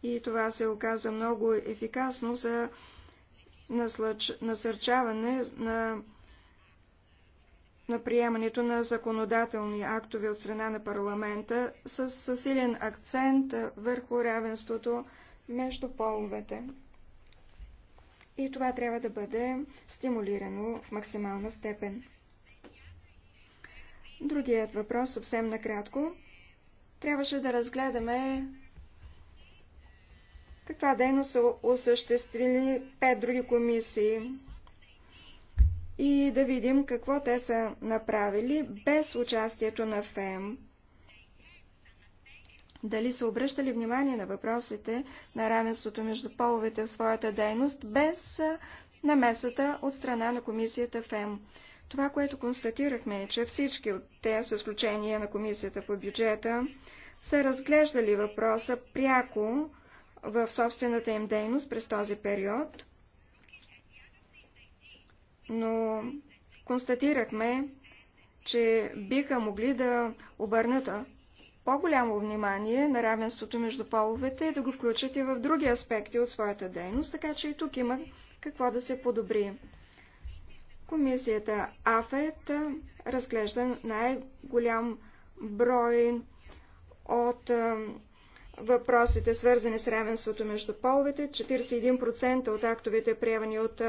и това се оказа много ефикасно за насърчаване на, на приемането на законодателни актове от страна на парламента с силен акцент върху равенството между половете. И това трябва да бъде стимулирано в максимална степен. Другият въпрос, съвсем накратко, трябваше да разгледаме каква дейност са осъществили пет други комисии? И да видим какво те са направили без участието на ФЕМ. Дали са обръщали внимание на въпросите на равенството между половете в своята дейност без намесата от страна на комисията ФЕМ. Това, което констатирахме е, че всички от те, с изключение на комисията по бюджета, са разглеждали въпроса пряко в собствената им дейност през този период, но констатирахме, че биха могли да обърнат по-голямо внимание на равенството между половете и да го включат и в други аспекти от своята дейност, така че и тук има какво да се подобри. Комисията АФЕТ разглежда най-голям брой от въпросите, свързани с равенството между половете. 41% от актовете, приемани от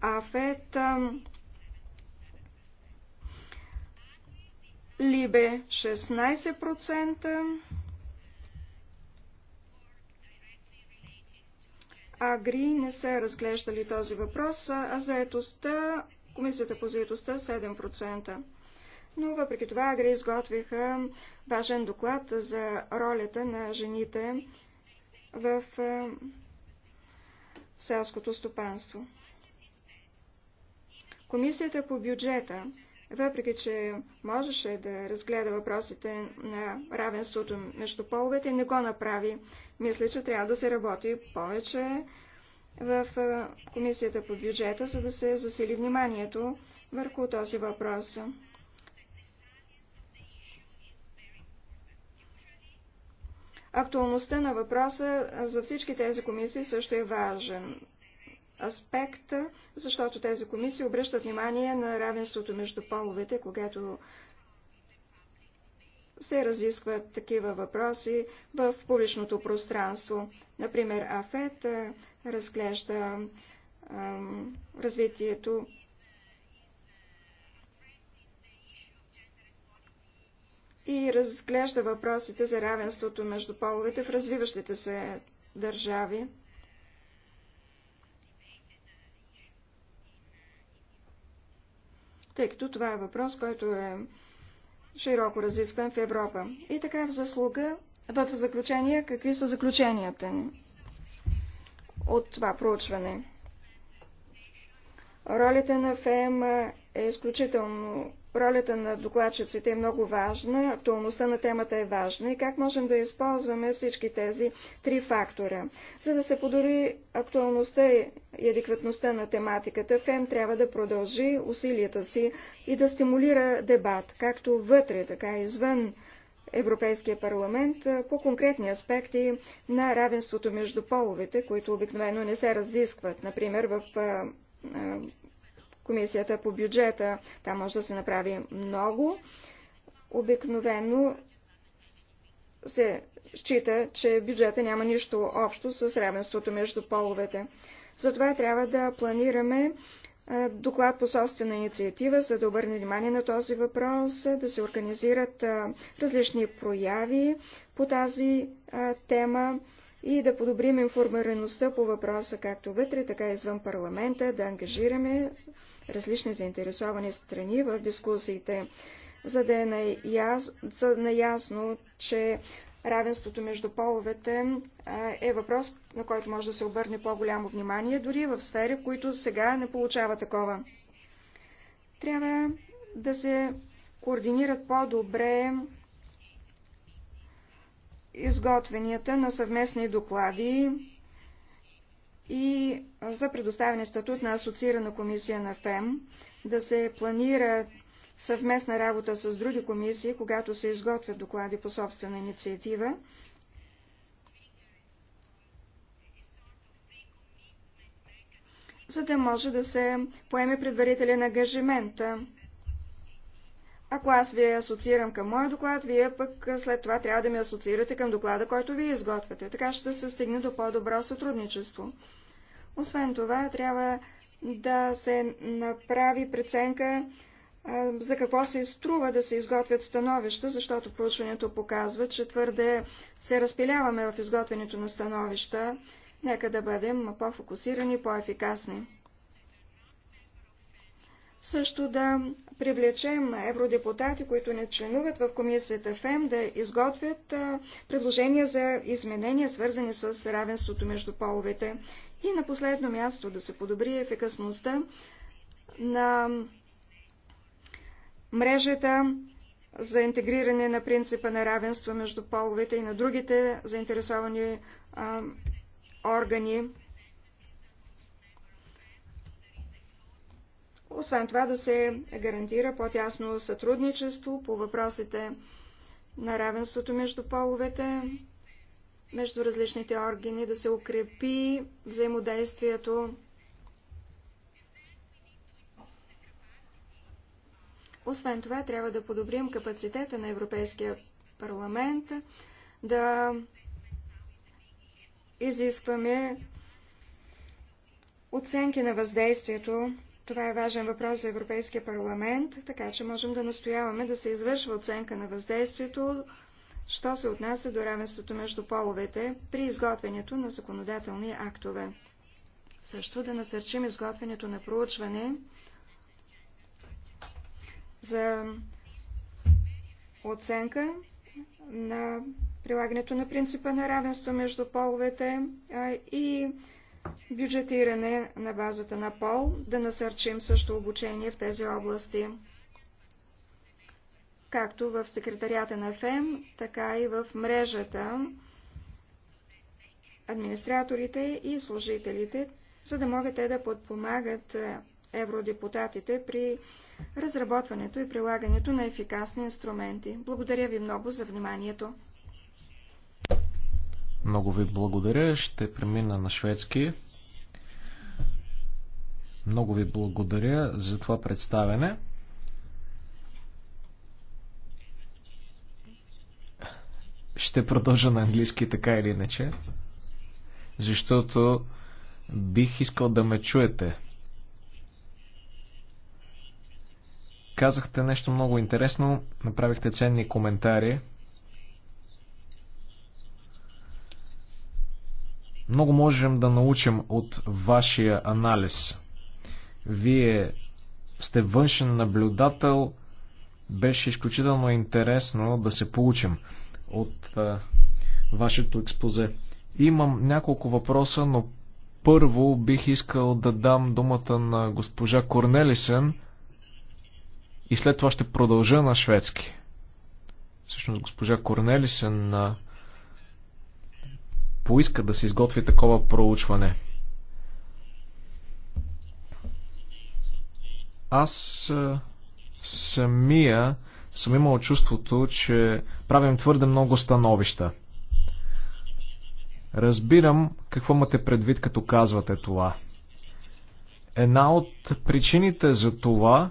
АФЕТ, Либе 16%, Агри не са разглеждали този въпрос, а заетостта, комисията по заетостта 7% но въпреки това Агри изготвиха важен доклад за ролята на жените в е, селското стопанство. Комисията по бюджета, въпреки че можеше да разгледа въпросите на равенството между половете, не го направи. Мисля, че трябва да се работи повече в е, Комисията по бюджета, за да се засили вниманието върху този въпрос. Актуалността на въпроса за всички тези комисии също е важен аспект, защото тези комисии обръщат внимание на равенството между половете, когато се разискват такива въпроси в публичното пространство. Например, АФЕТ разглежда развитието и разглежда въпросите за равенството между половете в развиващите се държави. Тъй като това е въпрос, който е широко разискван в Европа. И така в заслуга, в заключение, какви са заключенията ни от това проучване? Ролята на ФЕМ е изключително Ролята на докладчиците е много важна, актуалността на темата е важна и как можем да използваме всички тези три фактора. За да се подори актуалността и адекватността на тематиката, ФЕМ трябва да продължи усилията си и да стимулира дебат, както вътре, така и извън Европейския парламент по конкретни аспекти на равенството между половете, които обикновено не се разискват, например в комисията по бюджета. Там може да се направи много. Обикновено се счита, че бюджета няма нищо общо с равенството между половете. Затова трябва да планираме доклад по собствена инициатива, за да обърне внимание на този въпрос, да се организират различни прояви по тази тема и да подобрим информираността по въпроса както вътре, така и извън парламента, да ангажираме различни заинтересовани страни в дискусиите, за да е наясно, че равенството между половете е въпрос, на който може да се обърне по-голямо внимание, дори в сфери, които сега не получава такова. Трябва да се координират по-добре изготвенията на съвместни доклади и за предоставяне статут на асоциирана комисия на ФЕМ, да се планира съвместна работа с други комисии, когато се изготвят доклади по собствена инициатива, за да може да се поеме предварителен ангажимент. Ако аз ви асоциирам към моя доклад, вие пък след това трябва да ме асоциирате към доклада, който вие изготвяте. Така ще се стигне до по-добро сътрудничество. Освен това, трябва да се направи преценка за какво се изтрува да се изготвят становища, защото проучването показва, че твърде се разпиляваме в изготвянето на становища. Нека да бъдем по-фокусирани, по-ефикасни също да привлечем евродепутати, които не членуват в комисията ФЕМ, да изготвят предложения за изменения, свързани с равенството между половете. И на последно място да се подобри ефикасността на мрежата за интегриране на принципа на равенство между половете и на другите заинтересовани а, органи Освен това да се гарантира по-тясно сътрудничество по въпросите на равенството между половете, между различните органи, да се укрепи взаимодействието. Освен това, трябва да подобрим капацитета на Европейския парламент, да изискваме оценки на въздействието това е важен въпрос за Европейския парламент, така че можем да настояваме да се извършва оценка на въздействието, що се отнася до равенството между половете при изготвянето на законодателни актове. Също да насърчим изготвянето на проучване за оценка на прилагането на принципа на равенство между половете и бюджетиране на базата на пол, да насърчим също обучение в тези области, както в секретарията на ФЕМ, така и в мрежата администраторите и служителите, за да могат те да подпомагат е, евродепутатите при разработването и прилагането на ефикасни инструменти. Благодаря ви много за вниманието. Много ви благодаря. Ще премина на шведски. Много ви благодаря за това представене. Ще продължа на английски така или иначе, защото бих искал да ме чуете. Казахте нещо много интересно, направихте ценни коментари. Много можем да научим от вашия анализ. Вие сте външен наблюдател. Беше изключително интересно да се получим от а, вашето експозе. Имам няколко въпроса, но първо бих искал да дам думата на госпожа Корнелисен и след това ще продължа на шведски. Всъщност госпожа Корнелисен поиска да се изготви такова проучване. Аз самия съм имал чувството, че правим твърде много становища. Разбирам какво имате предвид, като казвате това. Една от причините за това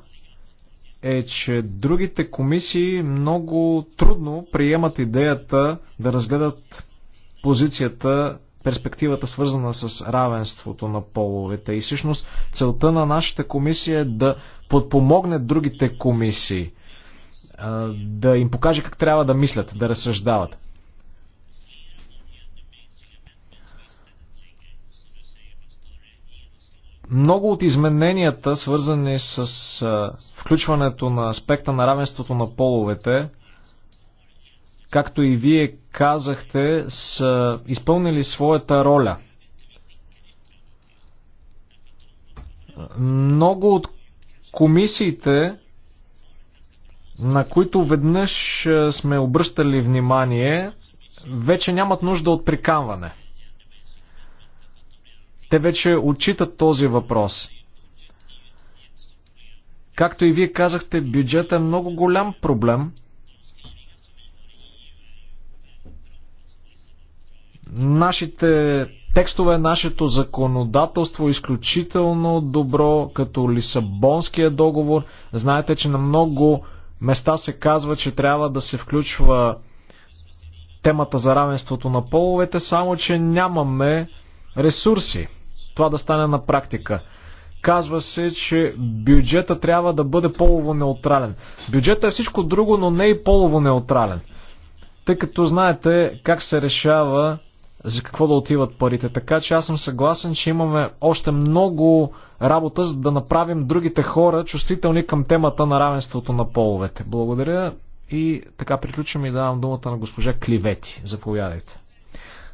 е, че другите комисии много трудно приемат идеята да разгледат позицията, перспективата свързана с равенството на половете. И всъщност целта на нашата комисия е да подпомогне другите комисии, да им покаже как трябва да мислят, да разсъждават. много от измененията, свързани с включването на аспекта на равенството на половете, както и вие казахте, са изпълнили своята роля. Много от комисиите, на които веднъж е, сме обръщали внимание, вече нямат нужда от приканване. Те вече отчитат този въпрос. Както и вие казахте, бюджет е много голям проблем – Нашите текстове, нашето законодателство е изключително добро, като Лисабонския договор. Знаете, че на много места се казва, че трябва да се включва темата за равенството на половете, само че нямаме ресурси това да стане на практика. Казва се, че бюджета трябва да бъде полово неутрален. Бюджета е всичко друго, но не и полово неутрален. Тъй като знаете как се решава за какво да отиват парите. Така че аз съм съгласен, че имаме още много работа, за да направим другите хора чувствителни към темата на равенството на половете. Благодаря и така приключвам и давам думата на госпожа Кливети. Заповядайте.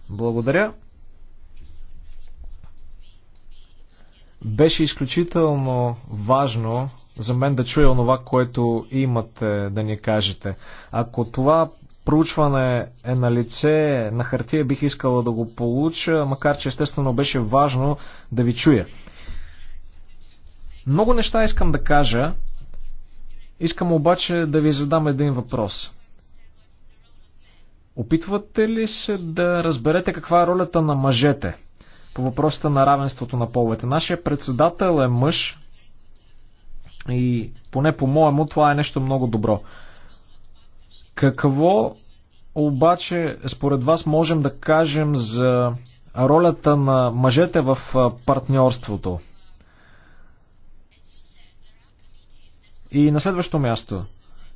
Благодаря. Беше изключително важно за мен да чуя онова, което имате да ни кажете. Ако това проучване е на лице, на хартия бих искала да го получа, макар че естествено беше важно да ви чуя. Много неща искам да кажа, искам обаче да ви задам един въпрос. Опитвате ли се да разберете каква е ролята на мъжете по въпросите на равенството на половете? Нашия председател е мъж и поне по-моему това е нещо много добро. Какво обаче според вас можем да кажем за ролята на мъжете в партньорството? И на следващо място,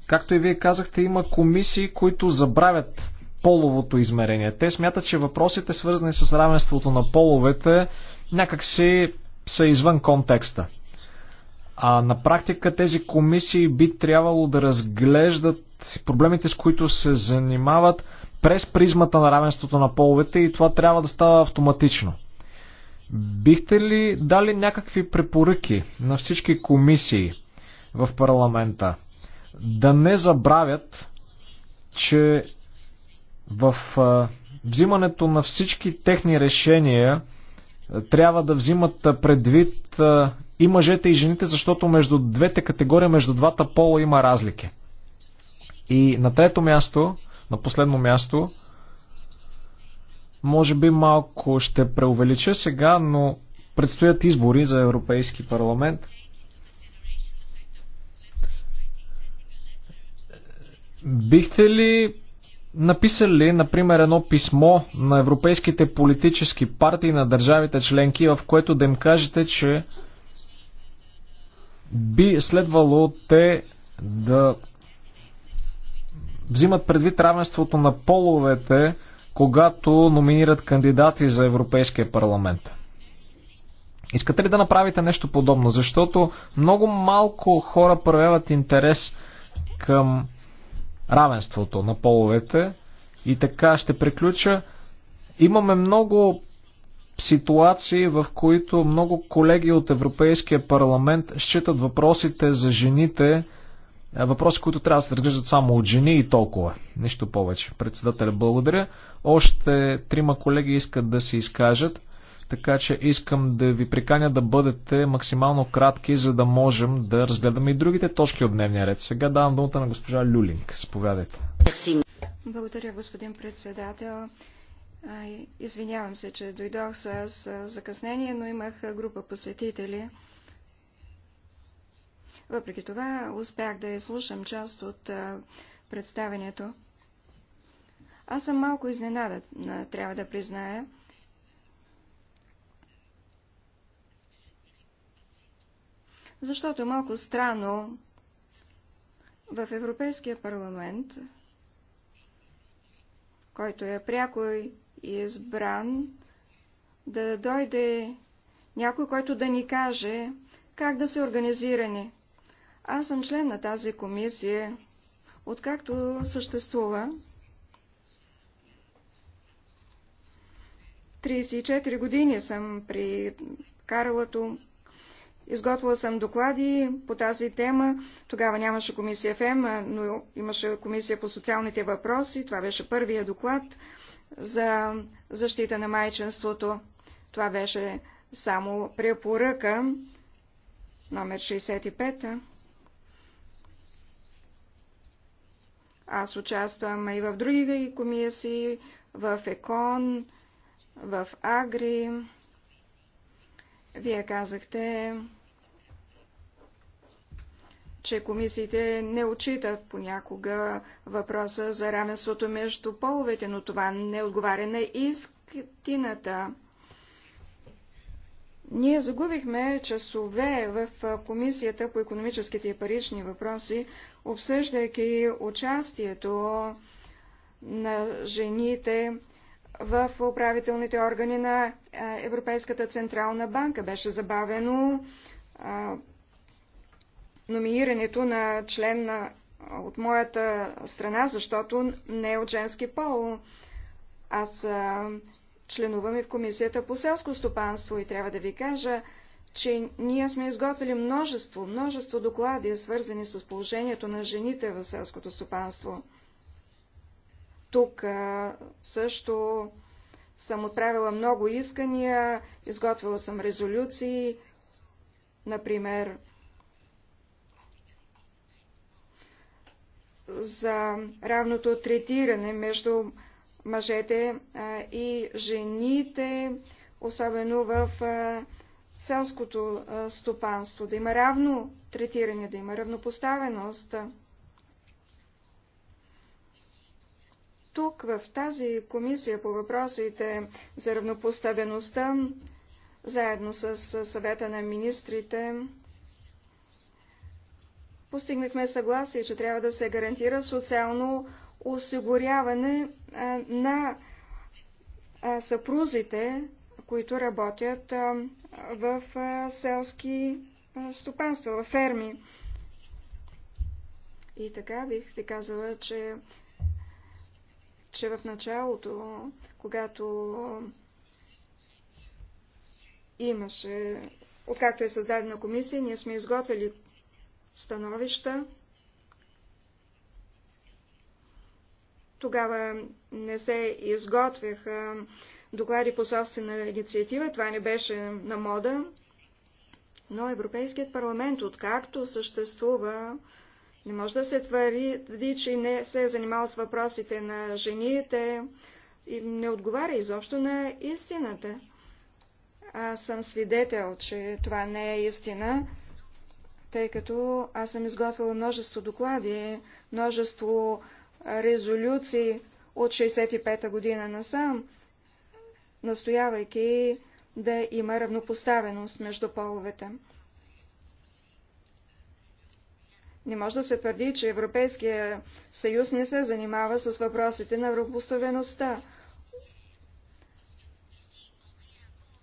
както и вие казахте, има комисии, които забравят половото измерение. Те смятат, че въпросите, свързани с равенството на половете, някакси са извън контекста. А на практика тези комисии би трябвало да разглеждат проблемите, с които се занимават през призмата на равенството на половете и това трябва да става автоматично. Бихте ли дали някакви препоръки на всички комисии в парламента да не забравят, че в взимането на всички техни решения трябва да взимат предвид и мъжете и жените, защото между двете категории, между двата пола има разлики. И на трето място, на последно място, може би малко ще преувелича сега, но предстоят избори за Европейски парламент. Бихте ли написали, например, едно писмо на европейските политически партии на държавите членки, в което да им кажете, че би следвало те да взимат предвид равенството на половете, когато номинират кандидати за Европейския парламент. Искате ли да направите нещо подобно? Защото много малко хора проявяват интерес към равенството на половете. И така ще приключа. Имаме много ситуации, в които много колеги от Европейския парламент считат въпросите за жените, въпроси, които трябва да се разглеждат само от жени и толкова. Нищо повече. Председателя, благодаря. Още трима колеги искат да се изкажат, така че искам да ви приканя да бъдете максимално кратки, за да можем да разгледаме и другите точки от дневния ред. Сега давам думата на госпожа Люлинг. Сповядайте. Благодаря, господин председател. Извинявам се, че дойдох с закъснение, но имах група посетители. Въпреки това успях да изслушам част от представенето. Аз съм малко изненадан, трябва да призная. Защото е малко странно в Европейския парламент, който е пряко и е избран, да дойде някой, който да ни каже как да се организирани. Аз съм член на тази комисия, откакто съществува. 34 години съм при Карлато. Изготвила съм доклади по тази тема. Тогава нямаше комисия ФМ, но имаше комисия по социалните въпроси. Това беше първия доклад за защита на майчинството. Това беше само препоръка номер 65. Аз участвам и в други комисии, в ЕКОН, в Агри. Вие казахте, че комисиите не отчитат понякога въпроса за равенството между половете, но това не отговаря на истината. Ние загубихме часове в Комисията по економическите и парични въпроси, обсъждайки участието на жените в управителните органи на Европейската Централна банка. Беше забавено номинирането на член на, от моята страна, защото не е от женски пол. Аз а, членувам и в Комисията по селско стопанство и трябва да ви кажа, че ние сме изготвили множество, множество доклади, свързани с положението на жените в селското стопанство. Тук а, също съм отправила много искания, изготвила съм резолюции, например, за равното третиране между мъжете и жените, особено в селското стопанство, да има равно третиране, да има равнопоставеност. Тук, в тази комисия по въпросите за равнопоставеността, заедно с съвета на министрите, постигнахме съгласие, че трябва да се гарантира социално осигуряване на съпрузите, които работят в селски стопанства, в ферми. И така бих ви казала, че, че в началото, когато имаше, откакто е създадена комисия, ние сме изготвили становища. Тогава не се изготвяха доклади по собствена инициатива, това не беше на мода, но Европейският парламент, откакто съществува, не може да се твърди, че не се е занимал с въпросите на жените и не отговаря изобщо на истината. Аз съм свидетел, че това не е истина тъй като аз съм изготвила множество доклади, множество резолюции от 65-та година насам, настоявайки да има равнопоставеност между половете. Не може да се твърди, че Европейския съюз не се занимава с въпросите на равнопоставеността.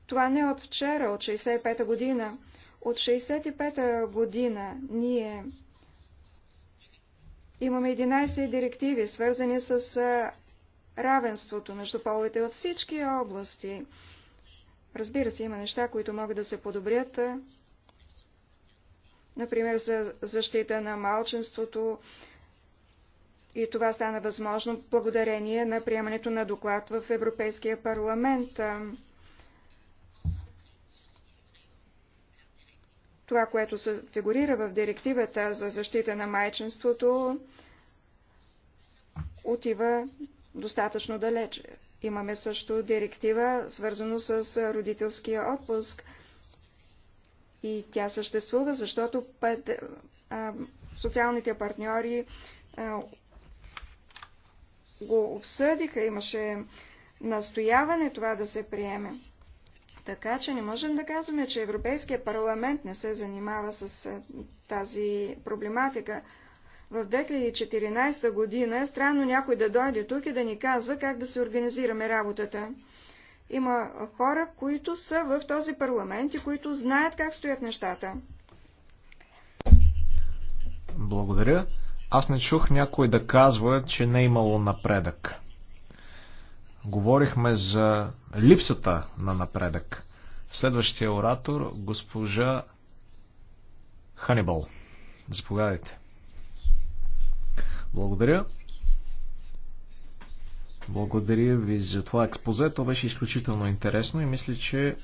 Това не е от вчера, от 65-та година. От 65-та година ние имаме 11 директиви, свързани с равенството между половете във всички области. Разбира се, има неща, които могат да се подобрят. Например, за защита на малчинството. И това стана възможно благодарение на приемането на доклад в Европейския парламент. Това, което се фигурира в директивата за защита на майчинството, отива достатъчно далеч. Имаме също директива, свързано с родителския отпуск. И тя съществува, защото път, а, социалните партньори а, го обсъдиха. Имаше настояване това да се приеме. Така че не можем да казваме, че Европейския парламент не се занимава с е, тази проблематика. В 2014 година е странно някой да дойде тук и да ни казва как да се организираме работата. Има хора, които са в този парламент и които знаят как стоят нещата. Благодаря. Аз не чух някой да казва, че не е имало напредък. Говорихме за липсата на напредък. Следващия оратор, госпожа Ханибал. Заповядайте. Благодаря. Благодаря ви за това експозе. То беше изключително интересно и мисля, че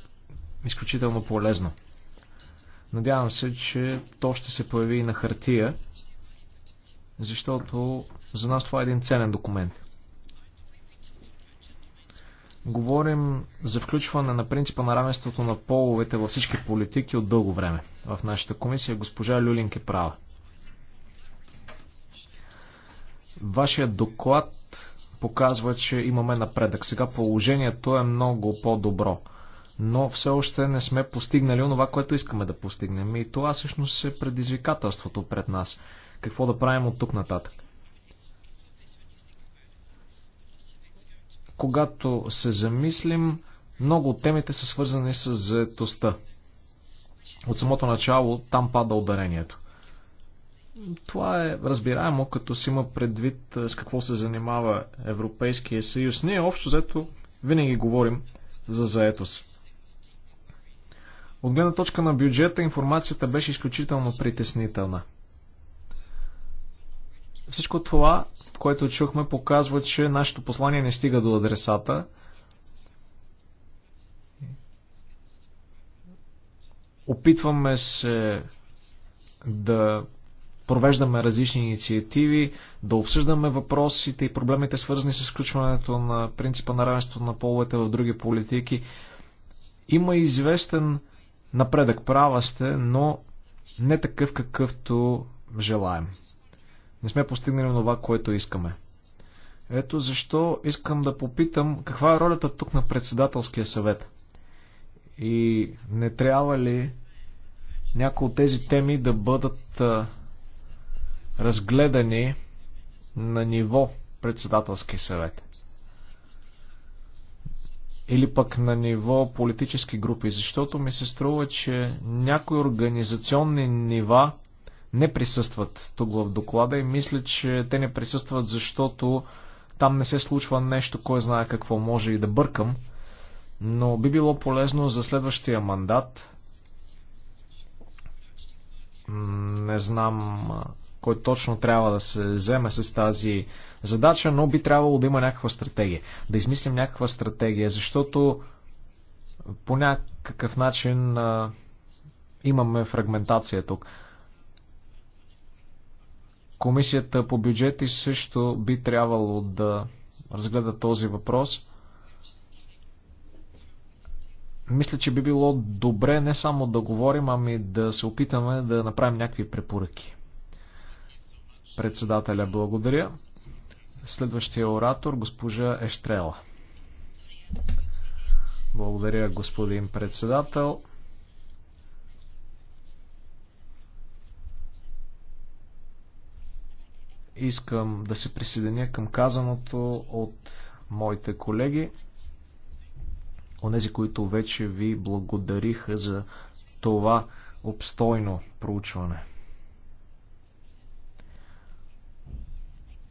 изключително полезно. Надявам се, че то ще се появи и на хартия, защото за нас това е един ценен документ. Говорим за включване на принципа на равенството на половете във всички политики от дълго време. В нашата комисия госпожа Люлинг е права. Вашия доклад показва, че имаме напредък. Сега положението е много по-добро. Но все още не сме постигнали онова, което искаме да постигнем. И това всъщност е предизвикателството пред нас. Какво да правим от тук нататък? когато се замислим, много от темите са свързани с заетостта. От самото начало там пада ударението. Това е разбираемо, като си има предвид с какво се занимава Европейския съюз. Ние общо заето винаги говорим за заетост. От гледна точка на бюджета информацията беше изключително притеснителна. Всичко това, което чухме, показва, че нашето послание не стига до адресата. Опитваме се да провеждаме различни инициативи, да обсъждаме въпросите и проблемите, свързани с включването на принципа на равенство на половете в други политики. Има известен напредък, права сте, но не такъв какъвто желаем. Не сме постигнали това, което искаме. Ето защо искам да попитам каква е ролята тук на председателския съвет. И не трябва ли някои от тези теми да бъдат разгледани на ниво председателски съвет? Или пък на ниво политически групи, защото ми се струва, че някои организационни нива не присъстват тук в доклада и мисля, че те не присъстват, защото там не се случва нещо, кой знае какво може и да бъркам. Но би било полезно за следващия мандат. Не знам кой точно трябва да се вземе с тази задача, но би трябвало да има някаква стратегия. Да измислим някаква стратегия, защото по някакъв начин а, имаме фрагментация тук. Комисията по бюджети също би трябвало да разгледа този въпрос. Мисля, че би било добре не само да говорим, ами да се опитаме да направим някакви препоръки. Председателя, благодаря. Следващия оратор, госпожа Ещрела. Благодаря, господин председател. Искам да се присъединя към казаното от моите колеги, онези, които вече ви благодариха за това обстойно проучване.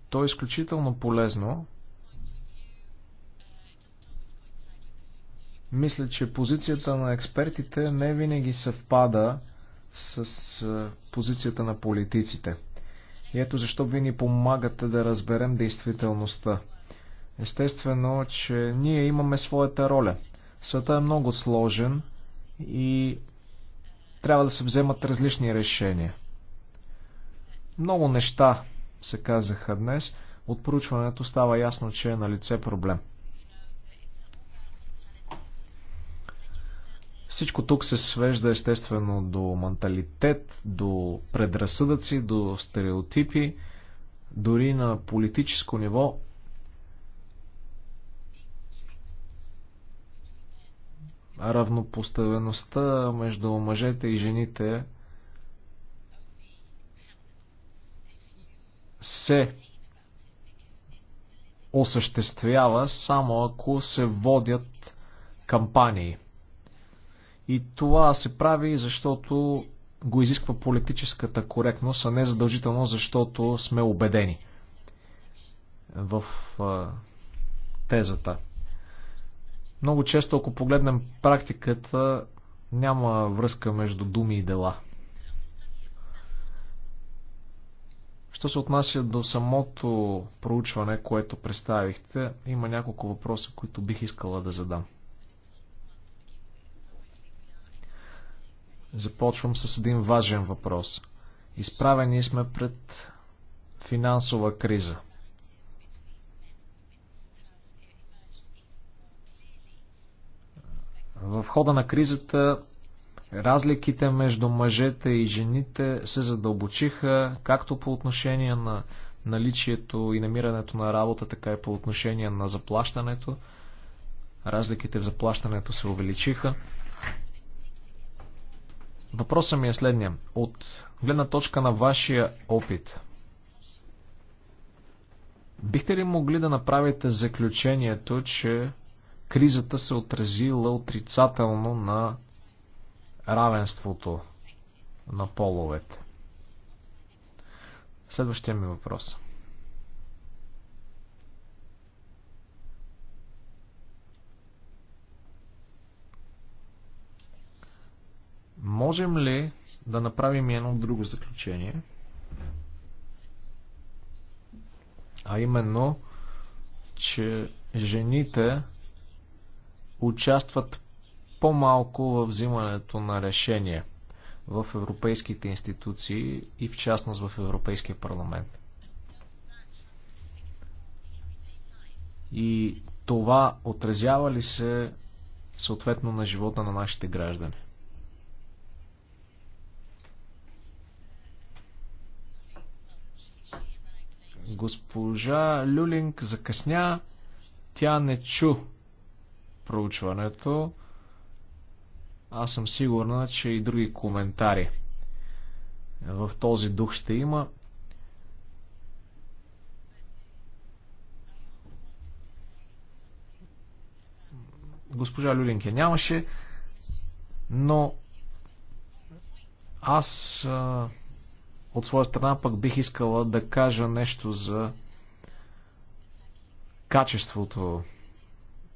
То е изключително полезно. Мисля, че позицията на експертите не винаги съвпада с позицията на политиците. И ето защо ви ни помагате да разберем действителността. Естествено, че ние имаме своята роля. Света е много сложен и трябва да се вземат различни решения. Много неща се казаха днес. От проучването става ясно, че е на лице проблем. Всичко тук се свежда естествено до менталитет, до предразсъдъци, до стереотипи, дори на политическо ниво. Равнопоставеността между мъжете и жените се осъществява само ако се водят кампании – и това се прави, защото го изисква политическата коректност, а не задължително, защото сме убедени в тезата. Много често, ако погледнем практиката, няма връзка между думи и дела. Що се отнася до самото проучване, което представихте, има няколко въпроса, които бих искала да задам. Започвам с един важен въпрос. Изправени сме пред финансова криза. В хода на кризата разликите между мъжете и жените се задълбочиха както по отношение на наличието и намирането на работа, така и по отношение на заплащането. Разликите в заплащането се увеличиха. Въпросът ми е следния. От гледна точка на вашия опит, бихте ли могли да направите заключението, че кризата се отразила отрицателно на равенството на половете? Следващия ми въпрос. Можем ли да направим едно друго заключение? А именно, че жените участват по-малко в взимането на решение в европейските институции и в частност в Европейския парламент. И това отразява ли се съответно на живота на нашите граждани? Госпожа Люлинг закъсня. Тя не чу проучването. Аз съм сигурна, че и други коментари в този дух ще има. Госпожа Люлинг я нямаше, но аз от своя страна пък бих искала да кажа нещо за качеството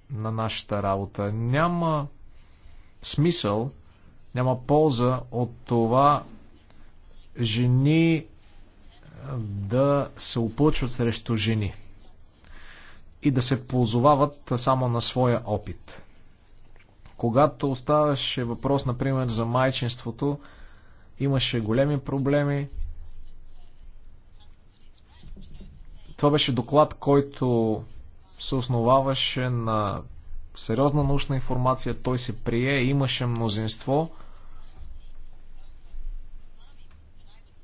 на нашата работа. Няма смисъл, няма полза от това жени да се опълчват срещу жени и да се ползовават само на своя опит. Когато оставаше въпрос, например, за майчинството, имаше големи проблеми, Това беше доклад, който се основаваше на сериозна научна информация. Той се прие, имаше мнозинство.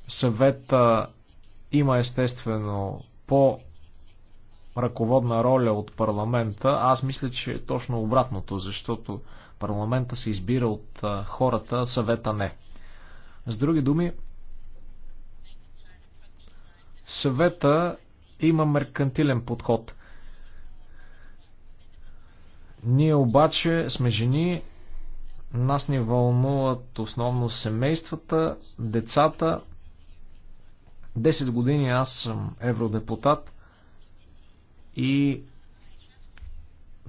Съвета има естествено по ръководна роля от парламента. Аз мисля, че е точно обратното, защото парламента се избира от хората, съвета не. С други думи, съвета има меркантилен подход. Ние обаче сме жени, нас ни вълнуват основно семействата, децата. 10 години аз съм евродепутат и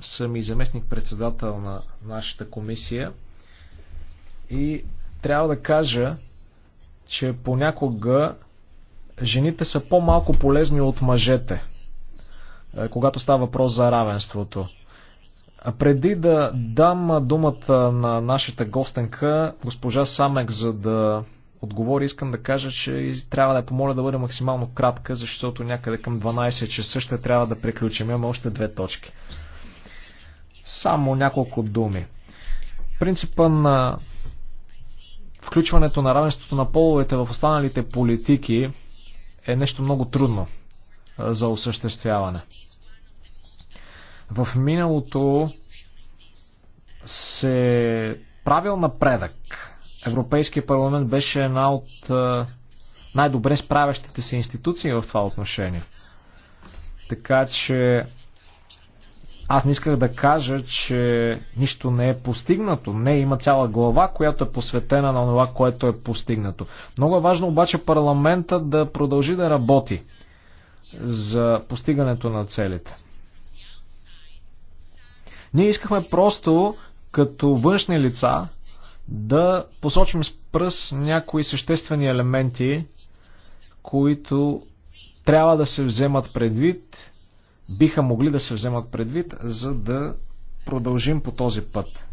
съм и заместник-председател на нашата комисия. И трябва да кажа, че понякога Жените са по-малко полезни от мъжете, е, когато става въпрос за равенството. А преди да дам думата на нашата гостенка, госпожа Самек, за да отговори, искам да кажа, че трябва да я помоля да бъде максимално кратка, защото някъде към 12 часа ще трябва да приключим. Имаме още две точки. Само няколко думи. Принципа на включването на равенството на половете в останалите политики е нещо много трудно за осъществяване. В миналото се правил напредък. Европейския парламент беше една от най-добре справящите се институции в това отношение. Така че аз не исках да кажа, че нищо не е постигнато. Не, има цяла глава, която е посветена на това, което е постигнато. Много е важно обаче парламента да продължи да работи за постигането на целите. Ние искахме просто като външни лица да посочим с пръст някои съществени елементи, които трябва да се вземат предвид биха могли да се вземат предвид, за да продължим по този път.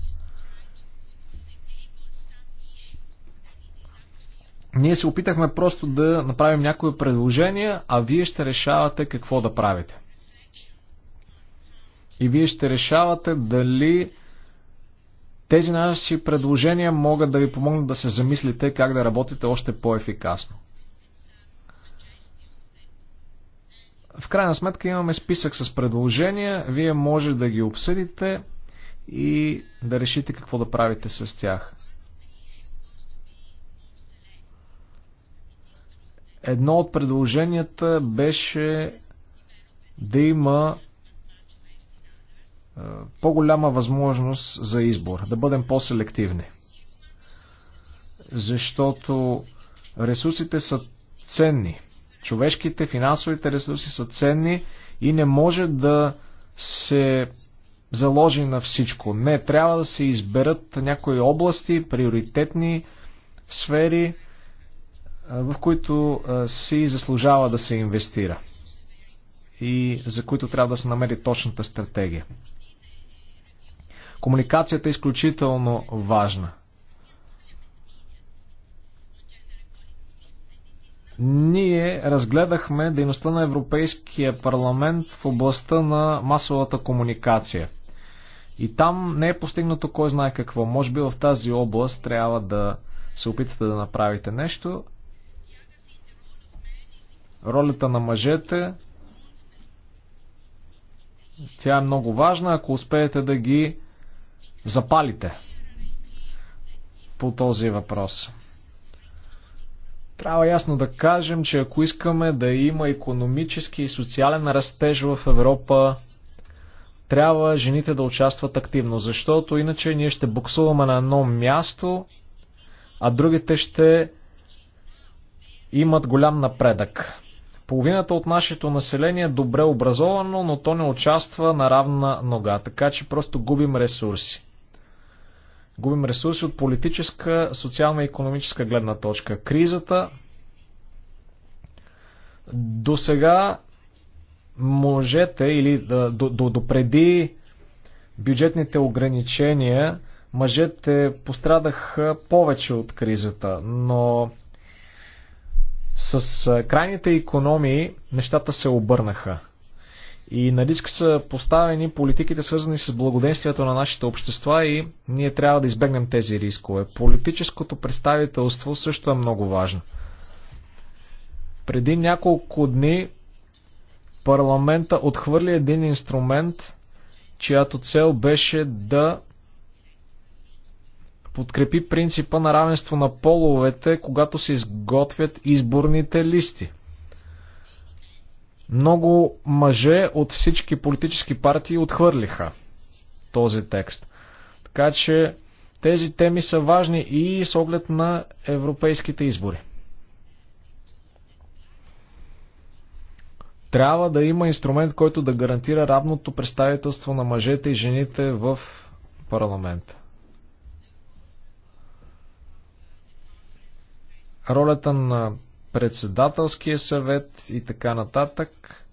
Ние се опитахме просто да направим някои предложения, а вие ще решавате какво да правите. И вие ще решавате дали тези наши предложения могат да ви помогнат да се замислите как да работите още по-ефикасно. В крайна сметка имаме списък с предложения, вие може да ги обсъдите и да решите какво да правите с тях. Едно от предложенията беше да има е, по-голяма възможност за избор, да бъдем по-селективни. Защото ресурсите са ценни. Човешките, финансовите ресурси са ценни и не може да се заложи на всичко. Не, трябва да се изберат някои области, приоритетни сфери, в които си заслужава да се инвестира и за които трябва да се намери точната стратегия. Комуникацията е изключително важна. Ние разгледахме дейността на Европейския парламент в областта на масовата комуникация. И там не е постигнато кой знае какво. Може би в тази област трябва да се опитате да направите нещо. Ролята на мъжете. Тя е много важна, ако успеете да ги запалите по този въпрос. Трябва ясно да кажем, че ако искаме да има економически и социален растеж в Европа, трябва жените да участват активно, защото иначе ние ще буксуваме на едно място, а другите ще имат голям напредък. Половината от нашето население е добре образовано, но то не участва на равна нога, така че просто губим ресурси. Губим ресурси от политическа, социална и економическа гледна точка. Кризата до сега можете или до, до, до преди бюджетните ограничения мъжете пострадаха повече от кризата, но с крайните економии нещата се обърнаха. И на риск са поставени политиките, свързани с благоденствието на нашите общества и ние трябва да избегнем тези рискове. Политическото представителство също е много важно. Преди няколко дни парламента отхвърли един инструмент, чиято цел беше да подкрепи принципа на равенство на половете, когато се изготвят изборните листи – много мъже от всички политически партии отхвърлиха този текст. Така че тези теми са важни и с оглед на европейските избори. Трябва да има инструмент, който да гарантира равното представителство на мъжете и жените в парламента. Ролята на председателския съвет и така нататък.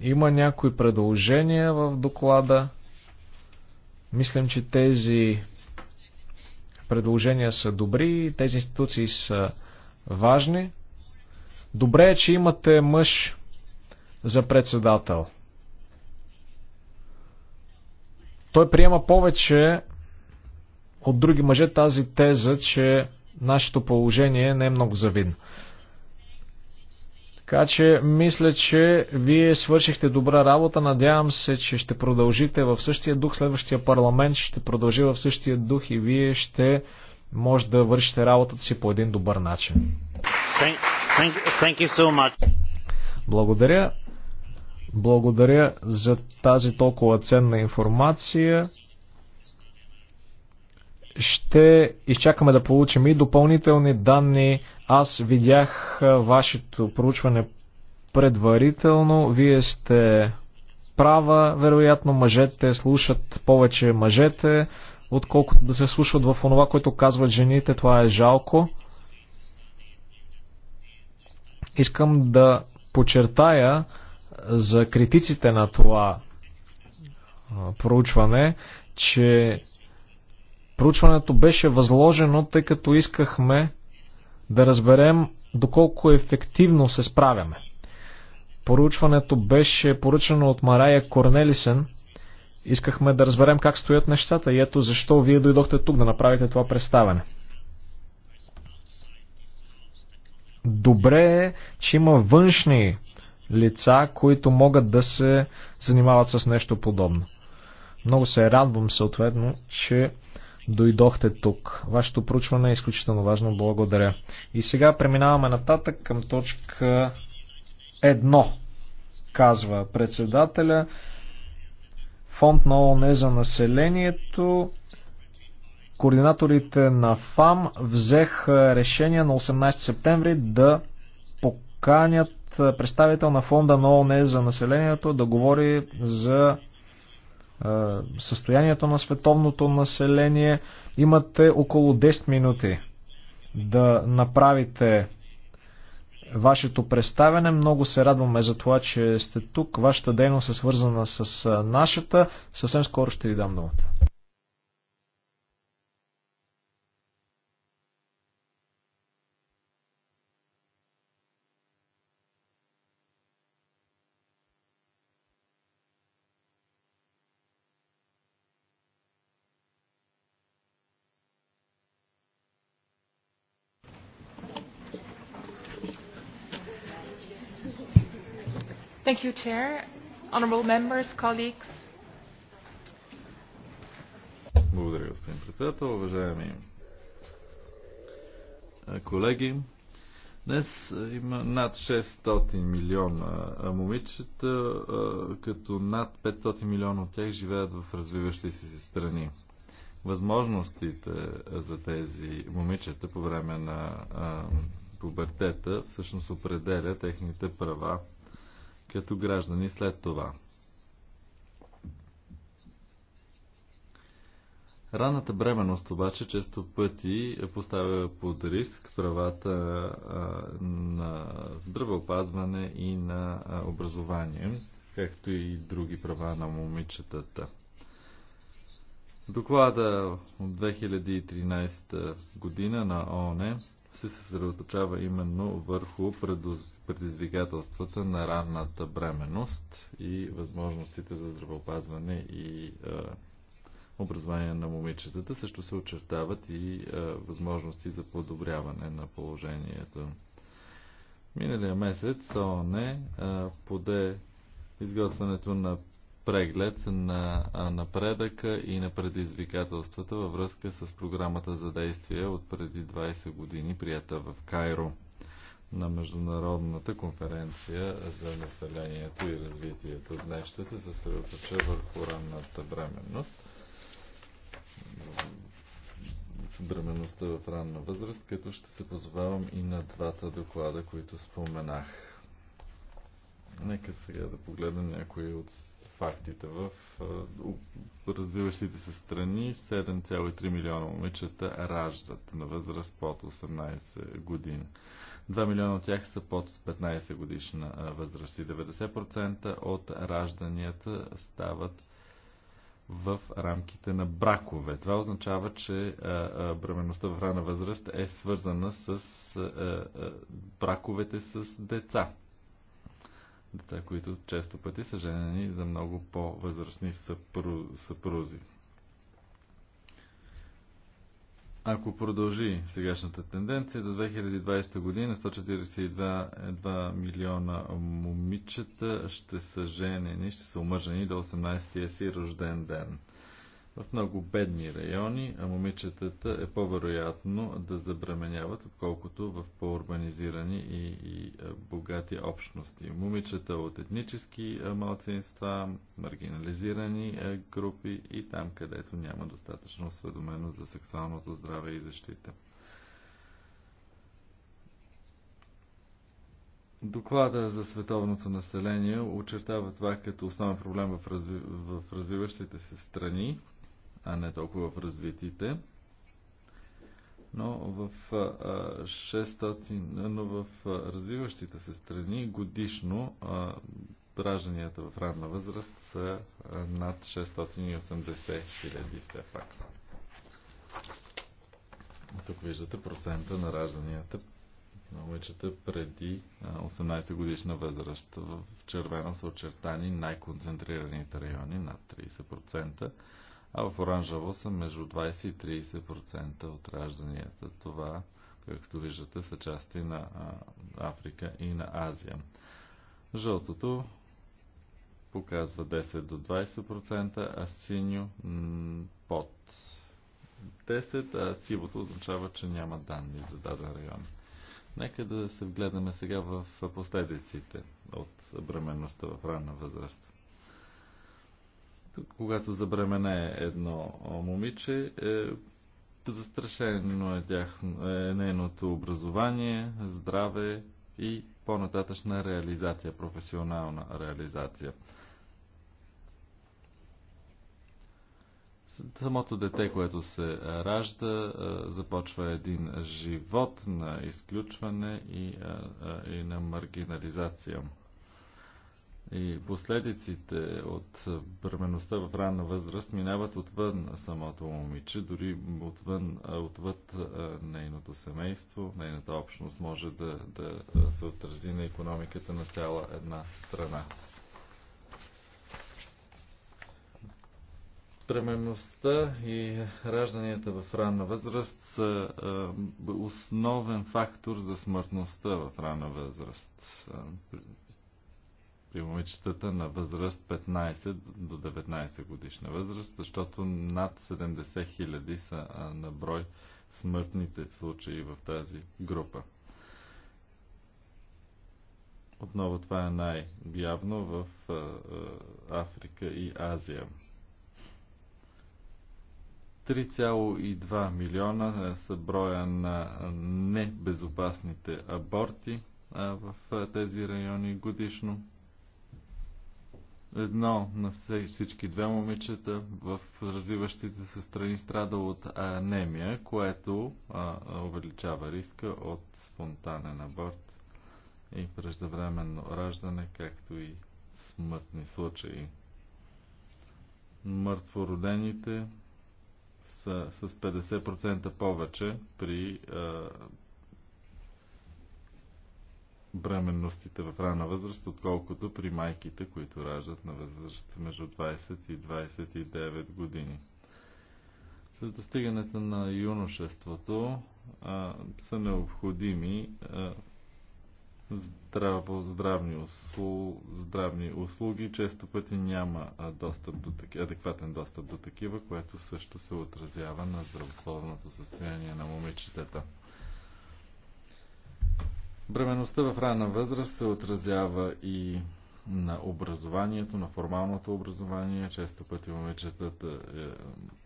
Има някои предложения в доклада. Мислям, че тези предложения са добри, тези институции са важни. Добре е, че имате мъж за председател. Той приема повече от други мъже тази теза, че нашето положение не е много завидно. Така че мисля, че вие свършихте добра работа. Надявам се, че ще продължите в същия дух. Следващия парламент ще продължи в същия дух и вие ще може да вършите работата си по един добър начин. Thank, thank, thank you so much. Благодаря. Благодаря за тази толкова ценна информация. Ще изчакаме да получим и допълнителни данни. Аз видях вашето проучване предварително. Вие сте права, вероятно. Мъжете слушат повече мъжете, отколкото да се слушат в онова, което казват жените. Това е жалко. Искам да подчертая за критиците на това проучване, че Проучването беше възложено, тъй като искахме да разберем доколко ефективно се справяме. Поручването беше поръчено от Марая Корнелисен. Искахме да разберем как стоят нещата и ето защо вие дойдохте тук да направите това представяне. Добре е, че има външни лица, които могат да се занимават с нещо подобно. Много се радвам съответно, че дойдохте тук. Вашето проучване е изключително важно. Благодаря. И сега преминаваме нататък към точка 1, казва председателя. Фонд на ООН за населението. Координаторите на ФАМ взех решение на 18 септември да поканят представител на фонда на ООН за населението да говори за състоянието на световното население. Имате около 10 минути да направите вашето представяне. Много се радваме за това, че сте тук. Вашата дейност е свързана с нашата. Съвсем скоро ще ви дам думата. you, Chair. members, colleagues. Благодаря, господин председател. Уважаеми колеги, днес има над 600 милиона момичета, като над 500 милиона от тях живеят в развиващи се страни. Възможностите за тези момичета по време на пубертета всъщност определя техните права като граждани след това. Раната бременност обаче често пъти поставя под риск правата на здравеопазване и на образование, както и други права на момичетата. Доклада от 2013 година на ОНЕ се съсредоточава именно върху предизвикателствата на ранната бременност и възможностите за здравеопазване и образование на момичетата. Също се очертават и възможности за подобряване на положението. Миналия месец ООН поде изготвянето на преглед на напредъка и на предизвикателствата във връзка с програмата за действие от преди 20 години, прията в Кайро на Международната конференция за населението и развитието. Днес ще се съсредоточа върху ранната бременност бременността в ранна възраст, като ще се позовавам и на двата доклада, които споменах. Нека сега да погледнем някои от фактите в развиващите се страни. 7,3 милиона момичета раждат на възраст под 18 години. 2 милиона от тях са под 15 годишна възраст и 90% от ражданията стават в рамките на бракове. Това означава, че бременността в рана възраст е свързана с браковете с деца деца, които често пъти са женени за много по-възрастни съпрузи. Ако продължи сегашната тенденция, до 2020 година 142 милиона момичета ще са женени, ще са омъжени до 18-тия си рожден ден в много бедни райони, а момичетата е по-вероятно да забременяват, отколкото в по-урбанизирани и, и богати общности. Момичета от етнически малцинства, маргинализирани групи и там, където няма достатъчно осведоменост за сексуалното здраве и защита. Доклада за световното население очертава това като основен проблем в, разви... в развиващите се страни а не толкова в развитите. Но в, 600, но в развиващите се страни годишно ражданията в ранна възраст са над 680 хиляди все пак. Тук виждате процента на ражданията на момичета преди 18 годишна възраст. В червено са очертани най-концентрираните райони, над 30% а в оранжево са между 20 и 30% от ражданията. Това, както виждате, са части на Африка и на Азия. Жълтото показва 10 до 20%, а синьо под 10, а сивото означава, че няма данни за даден район. Нека да се вгледаме сега в последиците от бременността в ранна възраст. Когато забремене едно момиче, е, застрашено е, тях, е нейното образование, здраве и по-нататъчна реализация, професионална реализация. самото дете, което се ражда, е, започва един живот на изключване и, е, е, и на маргинализация. И последиците от бременността в ранна възраст минават отвън самото момиче, дори отвън, отвъд нейното семейство, нейната общност може да, да се отрази на економиката на цяла една страна. Пременността и ражданията в ранна възраст са основен фактор за смъртността в ранна възраст при момичетата на възраст 15 до 19 годишна възраст, защото над 70 хиляди са на брой смъртните случаи в тази група. Отново това е най-явно в Африка и Азия. 3,2 милиона са броя на небезопасните аборти в тези райони годишно едно на всички две момичета в развиващите се страни страда от анемия, което а, увеличава риска от спонтанен аборт и преждевременно раждане, както и смъртни случаи. Мъртвородените са с 50% повече при а, бременностите в рана възраст, отколкото при майките, които раждат на възраст между 20 и 29 години. С достигането на юношеството а, са необходими а, здраво, здравни, услу, здравни услуги. Често пъти няма достъп до таки, адекватен достъп до такива, което също се отразява на здравословното състояние на момичетата. Бременността в ранна възраст се отразява и на образованието, на формалното образование. Често пъти момичетата е,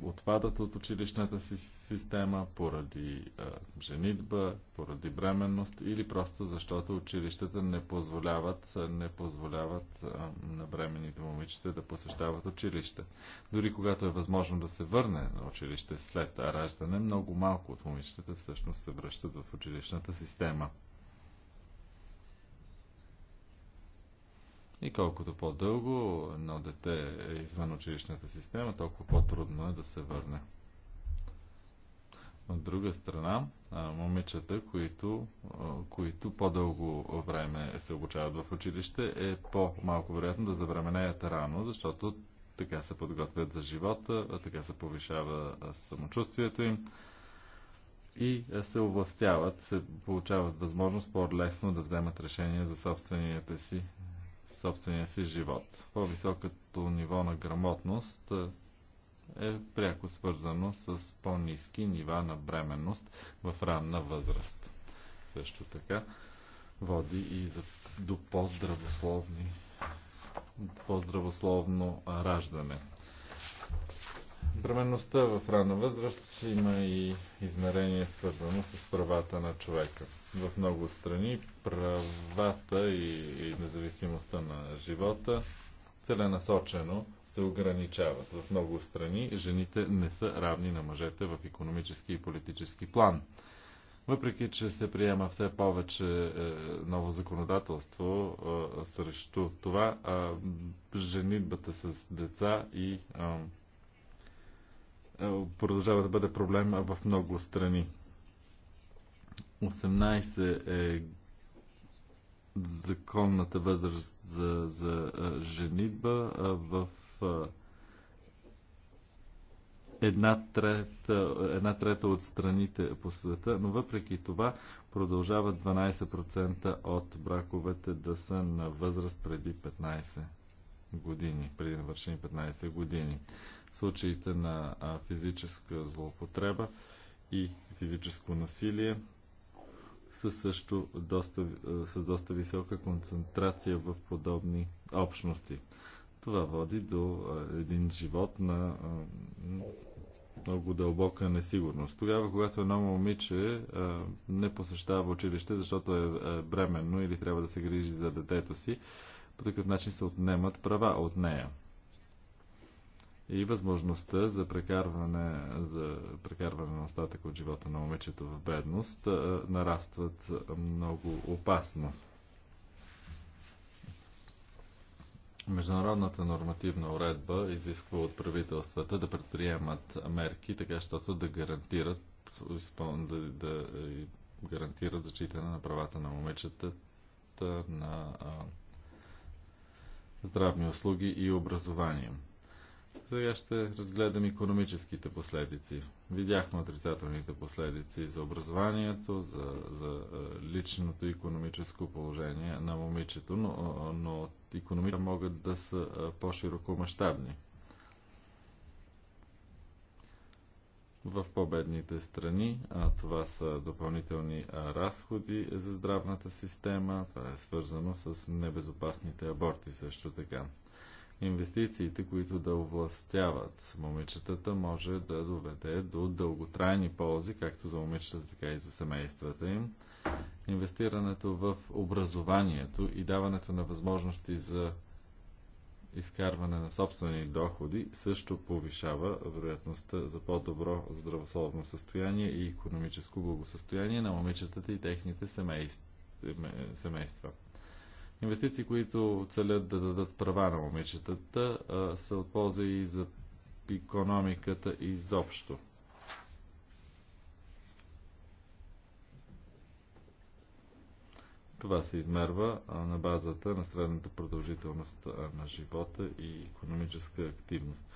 отпадат от училищната си система поради е, женитба, поради бременност или просто защото училищата не позволяват, е, не позволяват на бременните момичета да посещават училище. Дори когато е възможно да се върне на училище след раждане, много малко от момичетата всъщност се връщат в училищната система. И колкото по-дълго едно дете е извън училищната система, толкова по-трудно е да се върне. От друга страна, момичета, които, които по-дълго време се обучават в училище, е по-малко вероятно да завременеят рано, защото така се подготвят за живота, така се повишава самочувствието им и се овластяват, се получават възможност по-лесно да вземат решения за собствените си собствения си живот. По-високото ниво на грамотност е, е пряко свързано с по-низки нива на бременност в ранна възраст. Също така води и за, до по-здравословно раждане. Бременността е в рана възраст има и измерение свързано с правата на човека. В много страни правата и независимостта на живота целенасочено се ограничават. В много страни жените не са равни на мъжете в економически и политически план. Въпреки, че се приема все повече е, ново законодателство е, срещу това, е, женитбата с деца и е, продължава да бъде проблем в много страни. 18 е законната възраст за, за женитба в една трета, една трета от страните по света, но въпреки това продължават 12% от браковете да са на възраст преди 15 години, преди навършени 15 години случаите на физическа злоупотреба и физическо насилие са също доста, с доста висока концентрация в подобни общности. Това води до един живот на много дълбока несигурност. Тогава, когато едно момиче не посещава училище, защото е, е бременно или трябва да се грижи за детето си, по такъв начин се отнемат права от нея и възможността за прекарване, за прекарване на остатък от живота на момичето в бедност нарастват много опасно. Международната нормативна уредба изисква от правителствата да предприемат мерки, така щото да гарантират, да, да гарантират зачитане на правата на момичетата на здравни услуги и образование. Сега ще разгледам економическите последици. Видяхме отрицателните последици за образованието, за, за е, личното економическо положение на момичето, но, е, но економите могат да са е, по-широко мащабни. в победните страни. А, това са допълнителни разходи за здравната система. Това е свързано с небезопасните аборти също така инвестициите, които да овластяват момичетата, може да доведе до дълготрайни ползи, както за момичетата, така и за семействата им. Инвестирането в образованието и даването на възможности за изкарване на собствени доходи също повишава вероятността за по-добро здравословно състояние и економическо благосъстояние на момичетата и техните семейства. Инвестиции, които целят да дадат права на момичетата, са от полза и за економиката изобщо. Това се измерва на базата на средната продължителност на живота и економическа активност.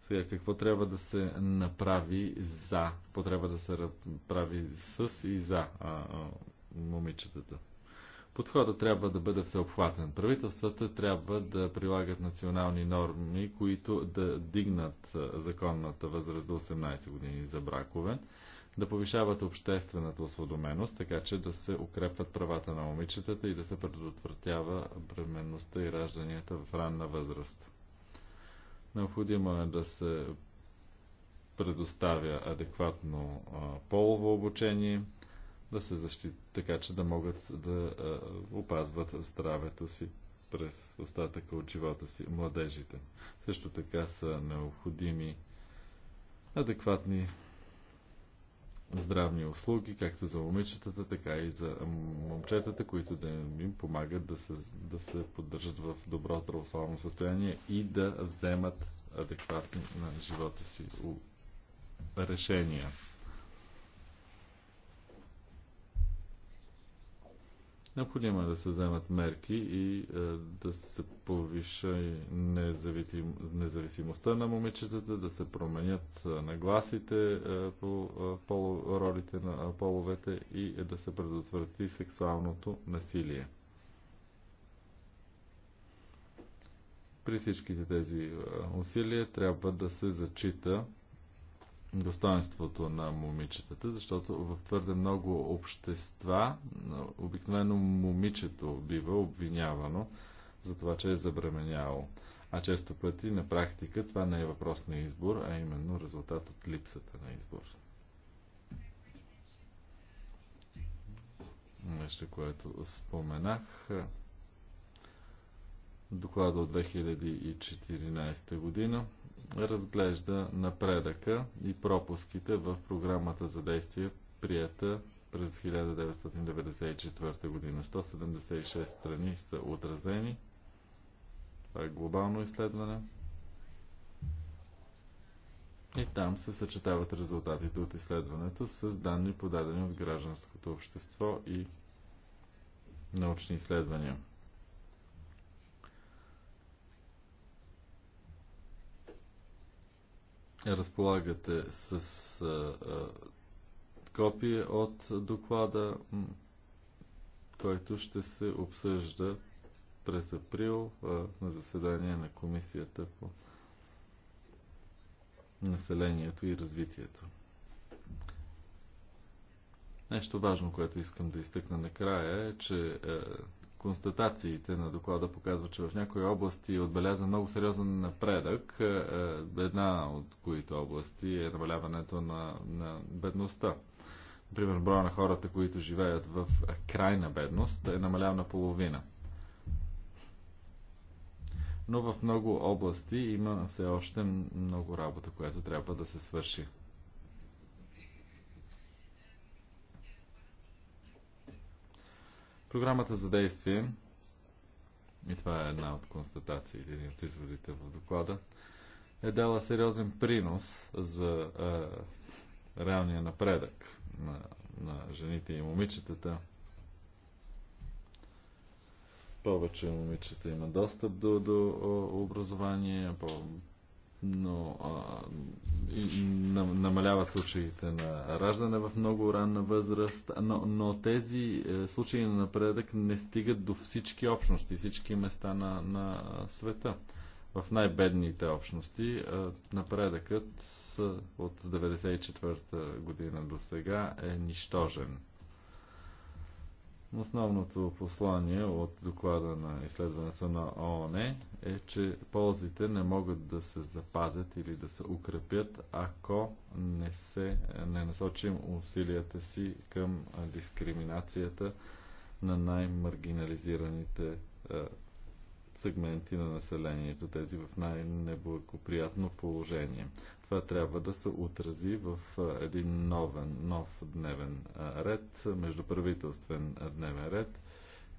Сега, какво трябва да се направи за, какво трябва да се прави с и за а, а, момичетата? Подходът трябва да бъде всеобхватен. Правителствата трябва да прилагат национални норми, които да дигнат законната възраст до 18 години за бракове, да повишават обществената осведоменост, така че да се укрепват правата на момичетата и да се предотвратява бременността и ражданията в ранна възраст. Необходимо е да се предоставя адекватно полово обучение – да се защитят, така че да могат да опазват здравето си през остатъка от живота си, младежите. Също така са необходими адекватни здравни услуги, както за момичетата, така и за момчетата, които да им помагат да се, да се поддържат в добро здравословно състояние и да вземат адекватни на живота си решения. Необходимо е да се вземат мерки и е, да се повиша независим, независимостта на момичетата, да се променят е, нагласите е, по ролите на половете и да се предотврати сексуалното насилие. При всичките тези усилия трябва да се зачита достоинството на момичетата, защото в твърде много общества обикновено момичето бива обвинявано за това, че е забременяло. А често пъти на практика това не е въпрос на избор, а именно резултат от липсата на избор. Нещо, което споменах. Доклада от 2014 година разглежда напредъка и пропуските в програмата за действие, прията през 1994 година. 176 страни са отразени. Това е глобално изследване. И там се съчетават резултатите от изследването с данни подадени от гражданското общество и научни изследвания. разполагате с а, а, копие от доклада, който ще се обсъжда през април а, на заседание на Комисията по населението и развитието. Нещо важно, което искам да изтъкна накрая е, че Констатациите на доклада показват, че в някои области е отбелязан много сериозен напредък. Е, е, една от които области е намаляването на, на бедността. Например, броя на хората, които живеят в крайна бедност, е намалял на половина. Но в много области има все още много работа, която трябва да се свърши. Програмата за действие, и това е една от констатациите, един от изводите в доклада, е дала сериозен принос за е, реалния напредък на, на жените и момичетата. Повече момичета има достъп до, до образование, по но а, намаляват случаите на раждане в много ранна възраст, но, но тези е, случаи на напредък не стигат до всички общности, всички места на, на света. В най-бедните общности е, напредъкът от 1994 година до сега е нищожен. Основното послание от доклада на изследването на ООН е, че ползите не могат да се запазят или да се укрепят, ако не, се, не насочим усилията си към дискриминацията на най-маргинализираните е, сегменти на населението, тези в най-неблагоприятно положение. Това трябва да се отрази в един новен, нов дневен ред, междуправителствен дневен ред,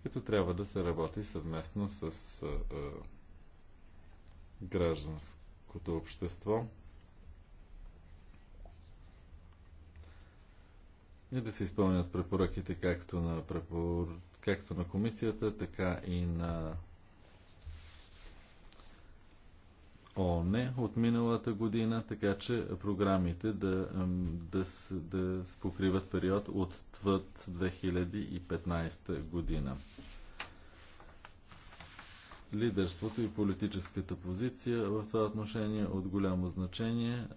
като трябва да се работи съвместно с гражданското общество. и да се изпълнят препоръките както на, препор... както на комисията, така и на ООН от миналата година, така че програмите да, да, да покриват период отвъд 2015 година. Лидерството и политическата позиция в това отношение е от голямо значение,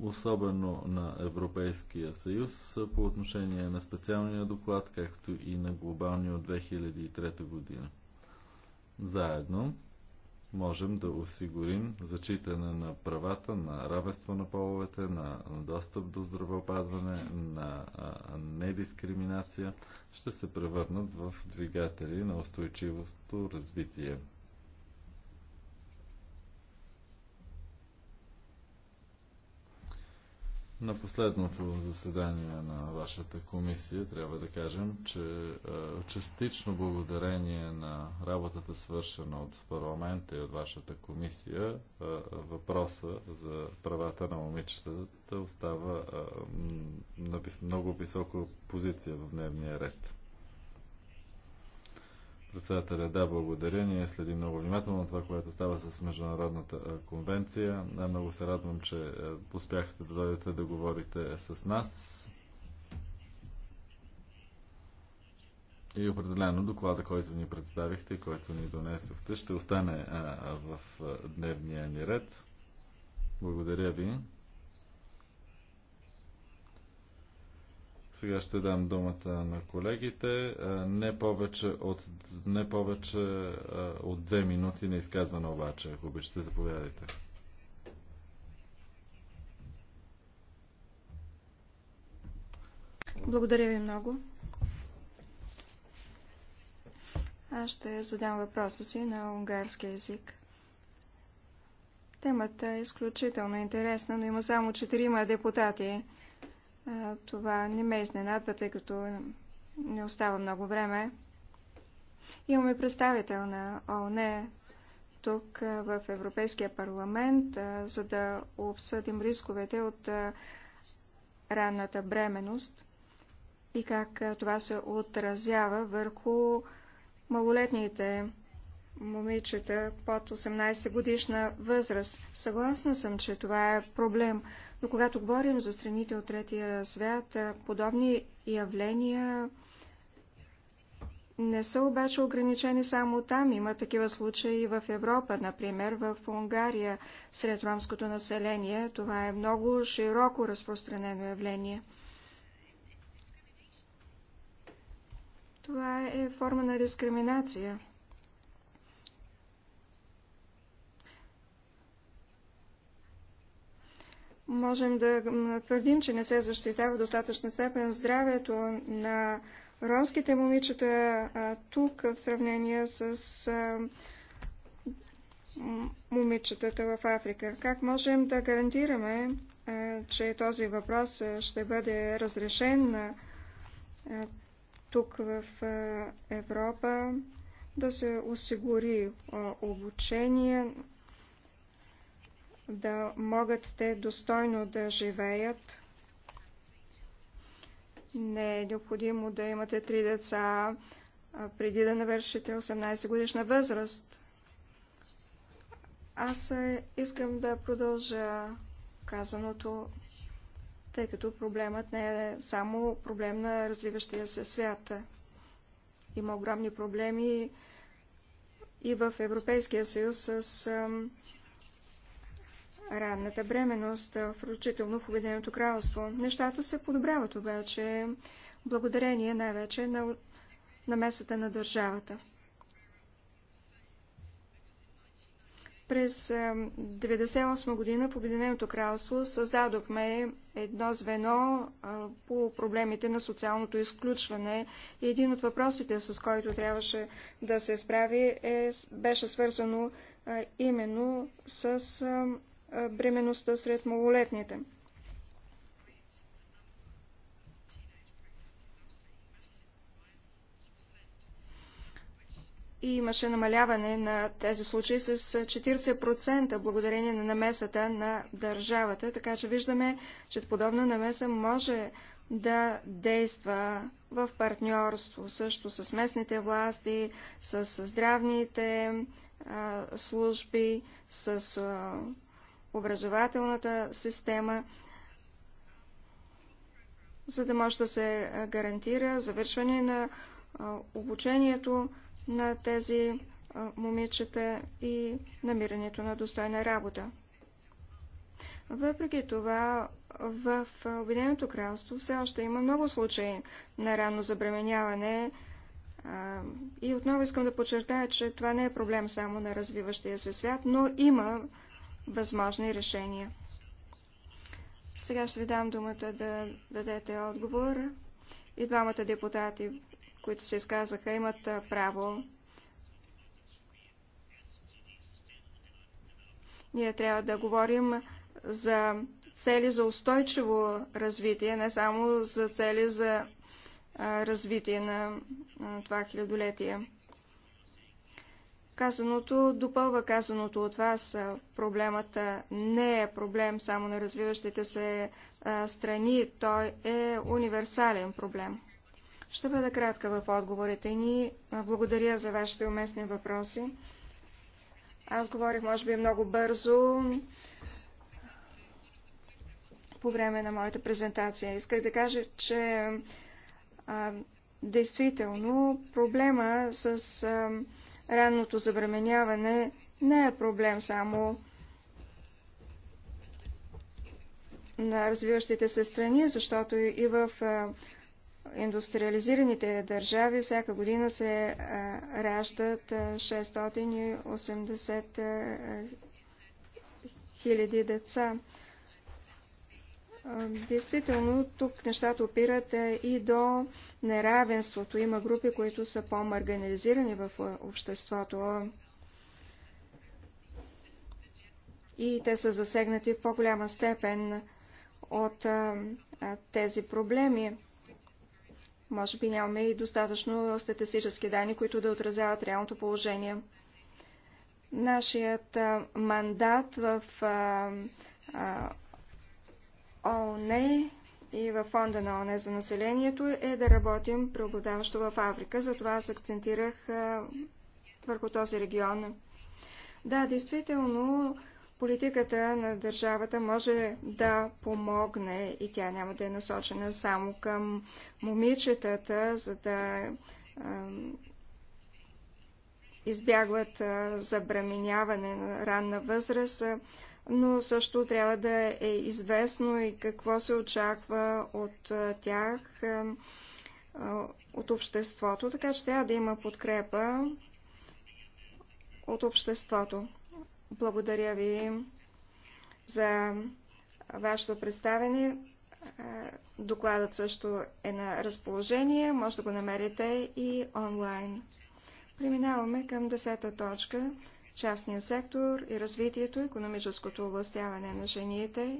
особено на Европейския съюз по отношение на специалния доклад, както и на глобалния от 2003 година. Заедно можем да осигурим зачитане на правата, на равенство на половете, на достъп до здравеопазване, на недискриминация, ще се превърнат в двигатели на устойчивото развитие. На последното заседание на вашата комисия трябва да кажем, че е, частично благодарение на работата свършена от парламента и от вашата комисия, е, въпроса за правата на момичетата остава е, на много висока позиция в дневния ред. Председателя, да, благодаря. Ние следим много внимателно това, което става с Международната конвенция. Много се радвам, че успяхте да дойдете да говорите с нас. И определено доклада, който ни представихте и който ни донесохте, ще остане а, в дневния ни ред. Благодаря ви. Сега ще дам думата на колегите. Е, не повече от, не повече е, от две минути на изказване обаче, ако обичате, заповядайте. Благодаря ви много. Аз ще задам въпроса си на унгарски язик. Темата е изключително интересна, но има само четирима депутати. Това не ме изненадва, тъй като не остава много време. Имаме представител на ООН тук в Европейския парламент, за да обсъдим рисковете от ранната бременност и как това се отразява върху малолетните момичета под 18 годишна възраст. Съгласна съм, че това е проблем, но когато говорим за страните от третия свят, подобни явления не са обаче ограничени само там. Има такива случаи и в Европа, например в Унгария, сред ромското население. Това е много широко разпространено явление. Това е форма на дискриминация. можем да твърдим, че не се защитава достатъчна степен здравето на ромските момичета тук в сравнение с момичетата в Африка. Как можем да гарантираме, че този въпрос ще бъде разрешен тук в Европа, да се осигури обучение да могат те достойно да живеят. Не е необходимо да имате три деца преди да навършите 18 годишна възраст. Аз искам да продължа казаното, тъй като проблемът не е само проблем на развиващия се свят. Има огромни проблеми и в Европейския съюз с ранната бременност, включително в Обединеното кралство. Нещата се подобряват обаче благодарение най-вече на намесата на държавата. През 1998 година в Обединеното кралство създадохме едно звено по проблемите на социалното изключване и един от въпросите, с който трябваше да се справи, е, беше свързано именно с бременността сред малолетните. И имаше намаляване на тези случаи с 40% благодарение на намесата на държавата, така че виждаме, че подобна намеса може да действа в партньорство също с местните власти, с здравните а, служби, с а, образователната система, за да може да се гарантира завършване на обучението на тези момичета и намирането на достойна работа. Въпреки това, в Обединеното кралство все още има много случаи на ранно забременяване. И отново искам да подчертая, че това не е проблем само на развиващия се свят, но има възможни решения. Сега ще ви дам думата да дадете отговор. И двамата депутати, които се изказаха, имат право. Ние трябва да говорим за цели за устойчиво развитие, не само за цели за развитие на това хилядолетие. Казаното допълва казаното от вас. Проблемът не е проблем само на развиващите се страни, той е универсален проблем. Ще бъда кратка в отговорите ни. Благодаря за вашите уместни въпроси. Аз говорих, може би, много бързо по време на моята презентация. Исках да кажа, че а, действително проблема с а, ранното забременяване не е проблем само на развиващите се страни, защото и в индустриализираните държави всяка година се раждат 680 хиляди деца. Действително, тук нещата опират е, и до неравенството. Има групи, които са по-марганизирани в обществото и те са засегнати в по-голяма степен от тези проблеми. Може би нямаме и достатъчно статистически данни, които да отразяват реалното положение. Нашият мандат в ООН и във фонда на ОНЕ за населението е да работим преобладаващо в Африка. Затова аз акцентирах върху този регион. Да, действително, политиката на държавата може да помогне и тя няма да е насочена само към момичетата, за да избягват забраменяване на ранна възраст но също трябва да е известно и какво се очаква от тях, от обществото, така че трябва да има подкрепа от обществото. Благодаря ви за вашето представене. Докладът също е на разположение, може да го намерите и онлайн. Преминаваме към 10 точка частния сектор и развитието, економическото областяване на жените.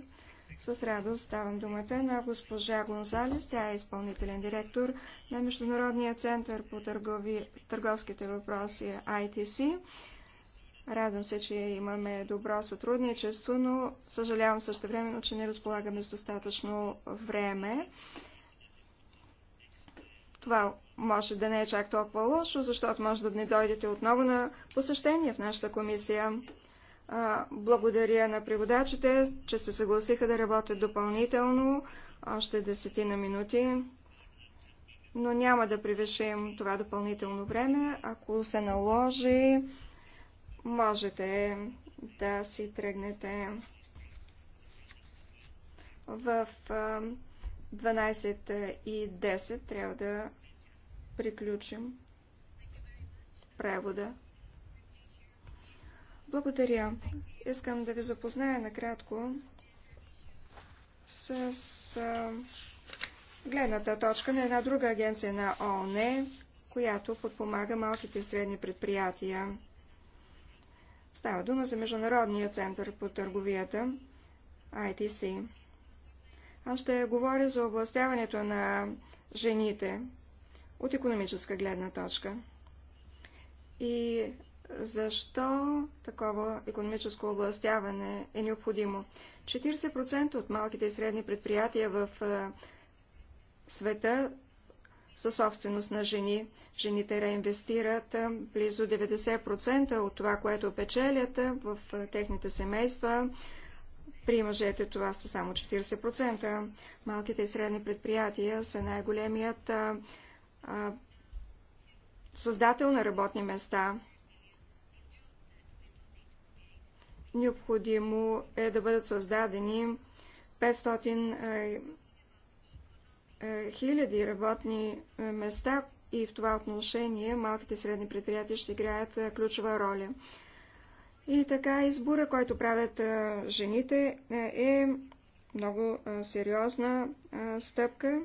С радост давам думата на госпожа Гонзалес. Тя е изпълнителен директор на Международния център по търгови, търговските въпроси ITC. Радвам се, че имаме добро сътрудничество, но съжалявам също времено, че не разполагаме с достатъчно време. Това може да не е чак толкова лошо, защото може да не дойдете отново на посещение в нашата комисия. Благодаря на преводачите, че се съгласиха да работят допълнително още десетина минути, но няма да превишим това допълнително време. Ако се наложи, можете да си тръгнете в 12 и 10 трябва да приключим превода. Благодаря. Искам да ви запозная накратко с гледната точка на една друга агенция на ООН, която подпомага малките и средни предприятия. Става дума за Международния център по търговията ITC. Аз ще говоря за областяването на жените от економическа гледна точка. И защо такова економическо областяване е необходимо? 40% от малките и средни предприятия в света са собственост на жени. Жените реинвестират близо 90% от това, което печелят в техните семейства, при мъжете това са само 40%. Малките и средни предприятия са най-големият създател на работни места. Необходимо е да бъдат създадени 500 е, е, хиляди работни е, места и в това отношение малките и средни предприятия ще играят ключова роля. И така избора, който правят жените е, е много сериозна стъпка.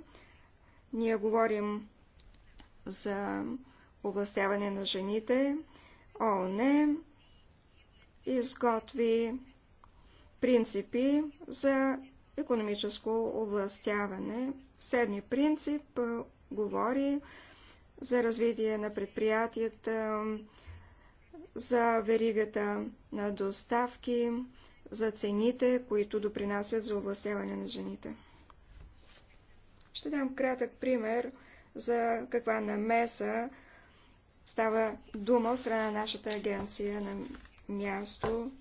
Ние говорим за овластяване на жените. не. изготви принципи за економическо овластяване. Седми принцип говори за развитие на предприятията, за веригата на доставки, за цените, които допринасят за овластяване на жените. Ще дам кратък пример за каква намеса става дума от страна на нашата агенция на място.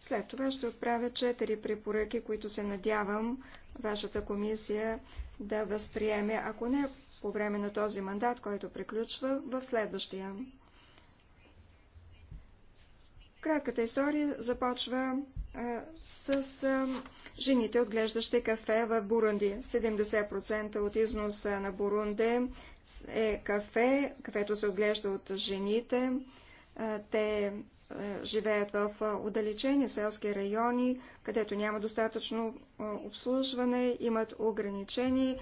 След това ще отправя четири препоръки, които се надявам вашата комисия да възприеме, ако не по време на този мандат, който приключва в следващия. Кратката история започва а, с а, жените, отглеждащи кафе в Бурунди. 70% от износа на Бурунди е кафе, кафето се отглежда от жените. А, те а, живеят в отдалечени селски райони, където няма достатъчно обслужване, имат ограничени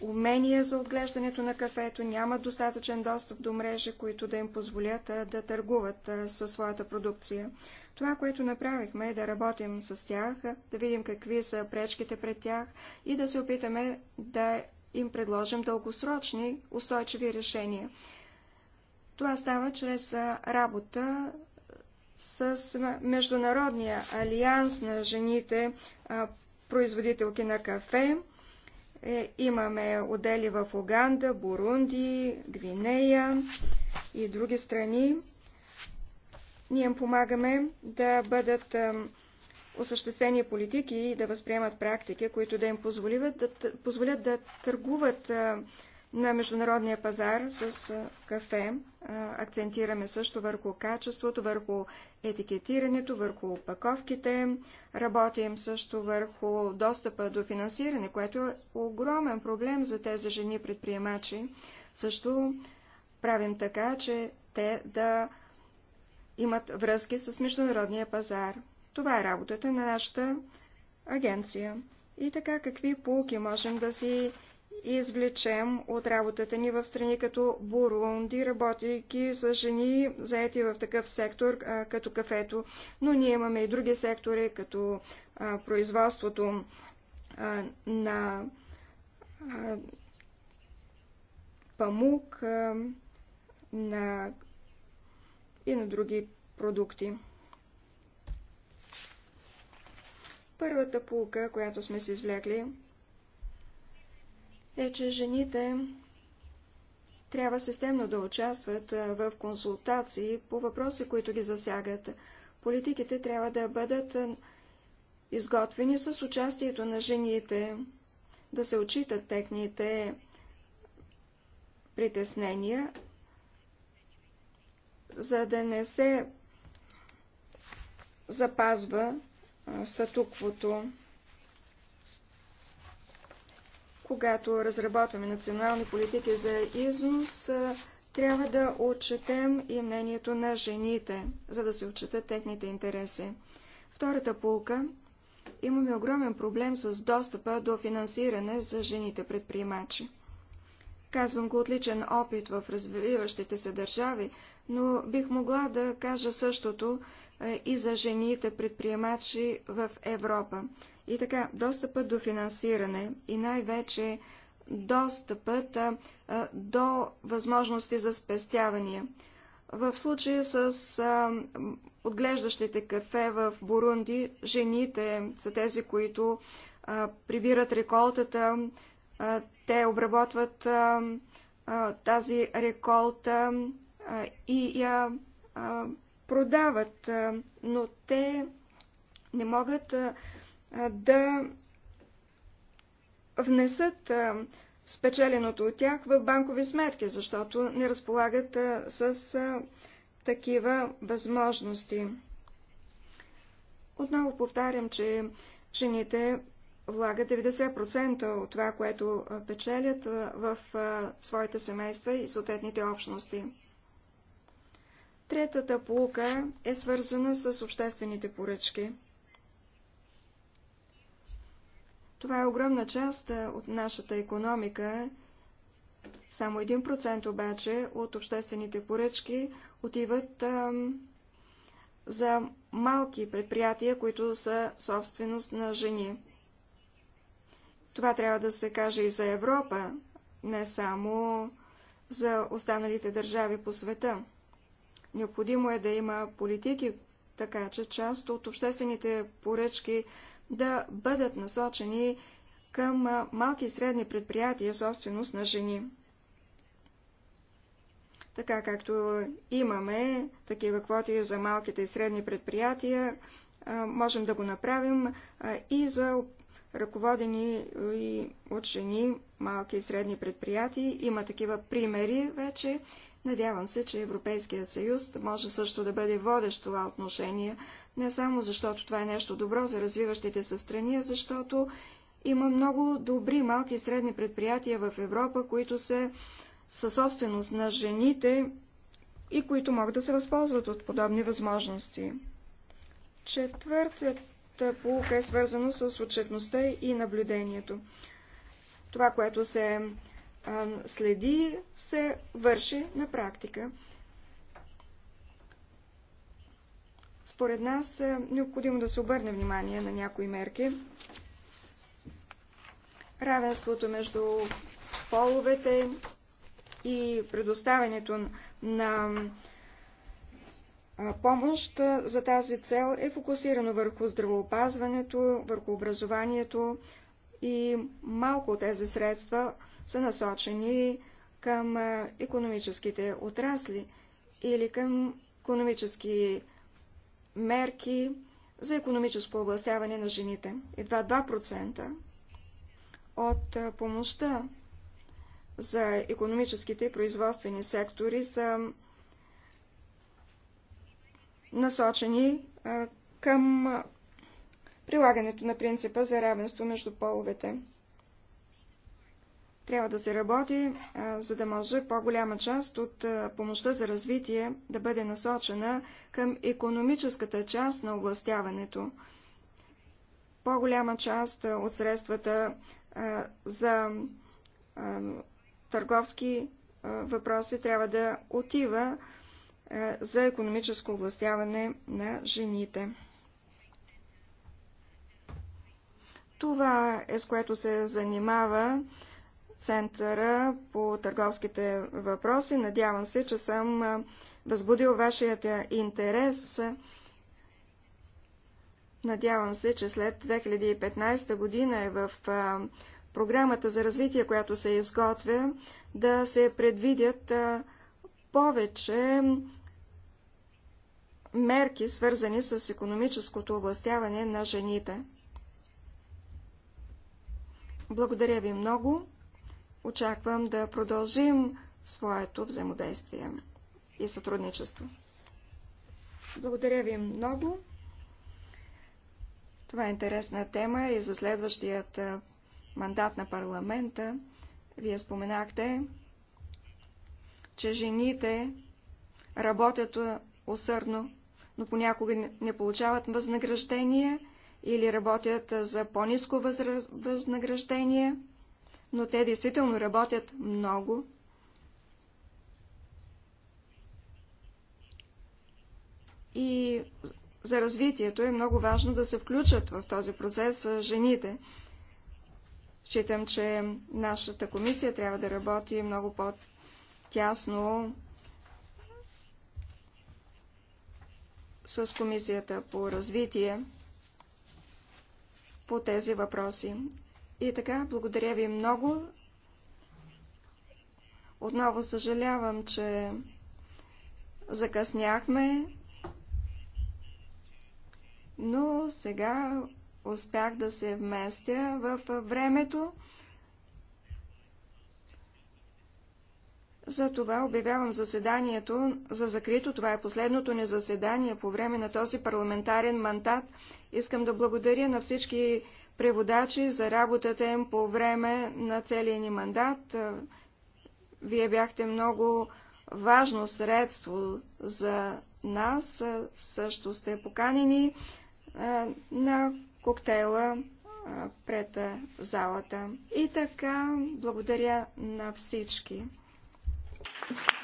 умения за отглеждането на кафето, нямат достатъчен достъп до мрежи, които да им позволят да търгуват със своята продукция. Това, което направихме е да работим с тях, да видим какви са пречките пред тях и да се опитаме да им предложим дългосрочни устойчиви решения. Това става чрез работа с Международния алианс на жените производителки на кафе. Е, имаме отдели в Уганда, Бурунди, Гвинея и други страни. Ние им помагаме да бъдат осъществени политики и да възприемат практики, които да им позволят да, позволят да търгуват на международния пазар с кафе. Акцентираме също върху качеството, върху етикетирането, върху опаковките. Работим също върху достъпа до финансиране, което е огромен проблем за тези жени предприемачи. Също правим така, че те да имат връзки с международния пазар. Това е работата на нашата агенция. И така, какви полки можем да си извлечем от работата ни в страни като Бурунди, работейки с жени, заети в такъв сектор като кафето. Но ние имаме и други сектори, като производството на памук на, и на други продукти. Първата полка, която сме си извлекли, е, че жените трябва системно да участват в консултации по въпроси, които ги засягат. Политиките трябва да бъдат изготвени с участието на жените, да се отчитат техните притеснения, за да не се запазва статуквото когато разработваме национални политики за износ, трябва да отчетем и мнението на жените, за да се отчетат техните интереси. Втората полка – имаме огромен проблем с достъпа до финансиране за жените предприемачи. Казвам го отличен опит в развиващите се държави, но бих могла да кажа същото и за жените предприемачи в Европа. И така, достъпът до финансиране и най-вече достъпът а, а, до възможности за спестявания. В случая с а, отглеждащите кафе в Бурунди, жените са тези, които а, прибират реколтата, а, те обработват а, а, тази реколта а, и я а, продават, а, но те не могат а, да внесат спечеленото от тях в банкови сметки, защото не разполагат с такива възможности. Отново повтарям, че жените влагат 90% от това, което печелят в своите семейства и съответните общности. Третата полука е свързана с обществените поръчки. Това е огромна част от нашата економика. Само 1% обаче от обществените поръчки отиват ам, за малки предприятия, които са собственост на жени. Това трябва да се каже и за Европа, не само за останалите държави по света. Необходимо е да има политики, така че част от обществените поръчки да бъдат насочени към малки и средни предприятия, собственост на жени. Така както имаме такива квоти за малките и средни предприятия, можем да го направим и за ръководени от жени малки и средни предприятия. Има такива примери вече. Надявам се, че Европейският съюз може също да бъде водещ това отношение не само защото това е нещо добро за развиващите се страни, а защото има много добри малки и средни предприятия в Европа, които се със собственост на жените и които могат да се възползват от подобни възможности. Четвъртата полука е свързано с отчетността и наблюдението. Това, което се следи, се върши на практика. Според нас е необходимо да се обърне внимание на някои мерки. Равенството между половете и предоставянето на помощ за тази цел е фокусирано върху здравоопазването, върху образованието и малко от тези средства са насочени към економическите отрасли или към економически мерки за економическо областяване на жените. Едва 2% от помощта за економическите и производствени сектори са насочени към прилагането на принципа за равенство между половете. Трябва да се работи, за да може по-голяма част от помощта за развитие да бъде насочена към економическата част на областяването. По-голяма част от средствата за търговски въпроси трябва да отива за економическо областяване на жените. Това е с което се занимава Центъра по търговските въпроси. Надявам се, че съм възбудил вашият интерес. Надявам се, че след 2015 година е в програмата за развитие, която се изготвя, да се предвидят повече мерки, свързани с економическото областяване на жените. Благодаря ви много. Очаквам да продължим своето взаимодействие и сътрудничество. Благодаря ви много. Това е интересна тема и за следващият мандат на парламента. Вие споменахте, че жените работят усърдно, но понякога не получават възнаграждение или работят за по-низко възнаграждение но те действително работят много. И за развитието е много важно да се включат в този процес жените. Считам, че нашата комисия трябва да работи много по-тясно с комисията по развитие по тези въпроси. И така, благодаря ви много. Отново съжалявам, че закъсняхме, но сега успях да се вместя в времето. За това обявявам заседанието за закрито. Това е последното ни заседание по време на този парламентарен мандат. Искам да благодаря на всички преводачи за работата им по време на целия ни мандат. Вие бяхте много важно средство за нас. Също сте поканени е, на коктейла е, пред залата. И така, благодаря на всички. Thank you.